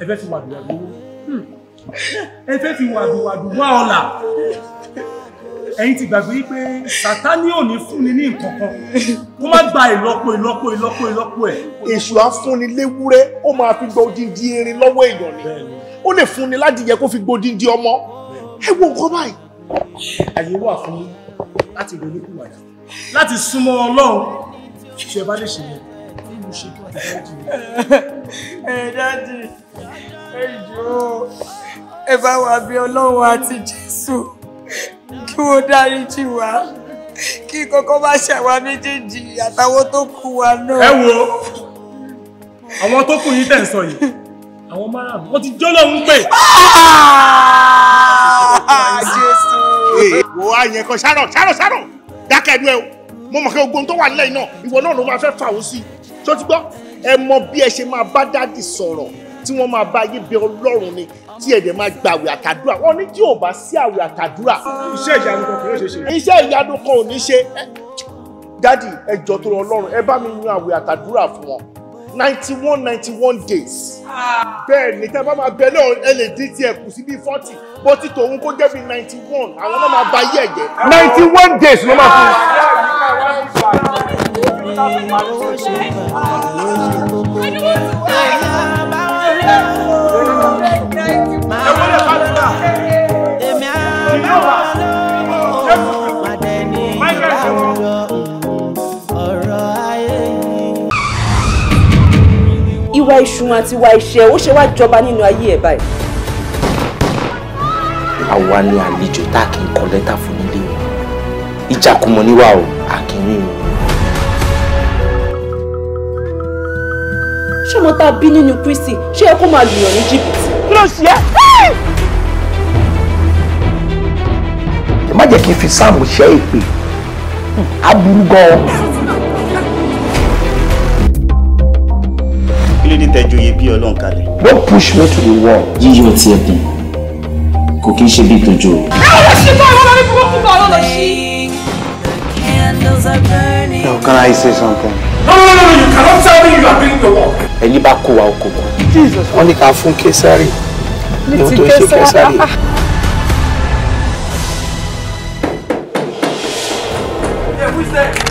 ẹ fẹ́ fi wàdùwàdù owó hmm. ẹ fẹ́ fi wàdùwàdù wá ọ̀la ẹ̀yin ti gbàgbé wípé sàtánì ò ní fúnni ní nǹkan kan kó má gba ìlọ́po ìlọ́po ìlọ́po ìlọ́po ẹ̀. èṣù á fúnni léwúrẹ́ ó máa fi gba odindi erin lọ́wọ́ èèyàn ni ó lè fúnni ládìyẹ kó fi gbodindi ọmọ ẹ wo nǹkan báyìí. àyè wà fún yín láti ronúkúwàdà láti súnmọ́ ọlọ́run tí ẹ bá lè ṣe yẹn kí mo ṣe kí wọ́n ti dájú. ẹ dájú ẹ jọ̀ọ́ ẹ bá wa bí ọlọ́run àti jésù kí wọ́n dáríjì wá kí kọ́kọ́ bá ṣàwa méjèèjì àtàwọn tó kù wa náà. ẹ wo àwọn tó kù yìí tẹ̀ ń sọ yìí àwọn márùn-ún wọ́n ti jọ́ lọ́hún pé wo àyẹn kan ṣàrọ̀ ṣàrọ̀ ṣàrọ̀ dákẹ́ ẹnu ẹ o mo mọ̀ pé ogun tó wà nílẹ̀ náà ìwọ náà ló máa fẹ́ fà ó sí i tó ti gbọ́ ẹ mọ bí ẹ ṣe máa bá dáàdì sọ̀rọ̀ tí wọ́n máa bá yé bẹ ọlọ́run ni tí ẹ dẹ̀ máa gbàwẹ̀ àtàdúrà wọn ní tí ò bá sí àwẹ̀ àtàdúrà. iṣẹ́ ìyanu kan kò ní ṣe. iṣẹ́ ìyanu kan ò ní ṣe dáàdì ẹ jọ tó ọlọ́run ẹ bá mi yan àwẹ̀ àtàdúrà fún wọn ninety one ninety one days. Ah. bẹ́ẹ̀ ni tẹ́ bá máa bẹ náà ẹ lè dín kù sí bíi forty bó ti tòun kó jẹ́ bíi ninety one àwọn náà máa ba yẹ̀ jẹ́. ninety one days ló máa fún un. èmi àbá. ìwà ìṣùn àti ìwà ìṣẹ́ ó ṣe wá jọba nínú ayé ẹ̀ báyìí. àwa ni àlejò tá a kì í kọ lẹ́tà fún nílé wọn ìjàkùmọ̀ níwà o a kì í rìn tá a bí nínú Kristi ṣé ẹ kó máa lùyàn ní jìbìtì. kí ló ṣe ẹ má jẹ́ kí n fi sáàmù ṣẹ́ èpè á gan-an. ló dé tẹjọ yẹ bí ọlọ́run kalẹ̀. wọ́n push me to the wall. yíyọ ti ẹkùn kò kí n ṣe bí ìtọ́jú. báwo ṣe bá ìwọ lórí burúkú kan ló lọ sí. Now can I say something? No, no, no, you cannot tell me you are doing the work. Ẹni bá kó wa oko mọ́. Wọ́n ní ká fún Késàrì. Ní ti Késàrì. who's there?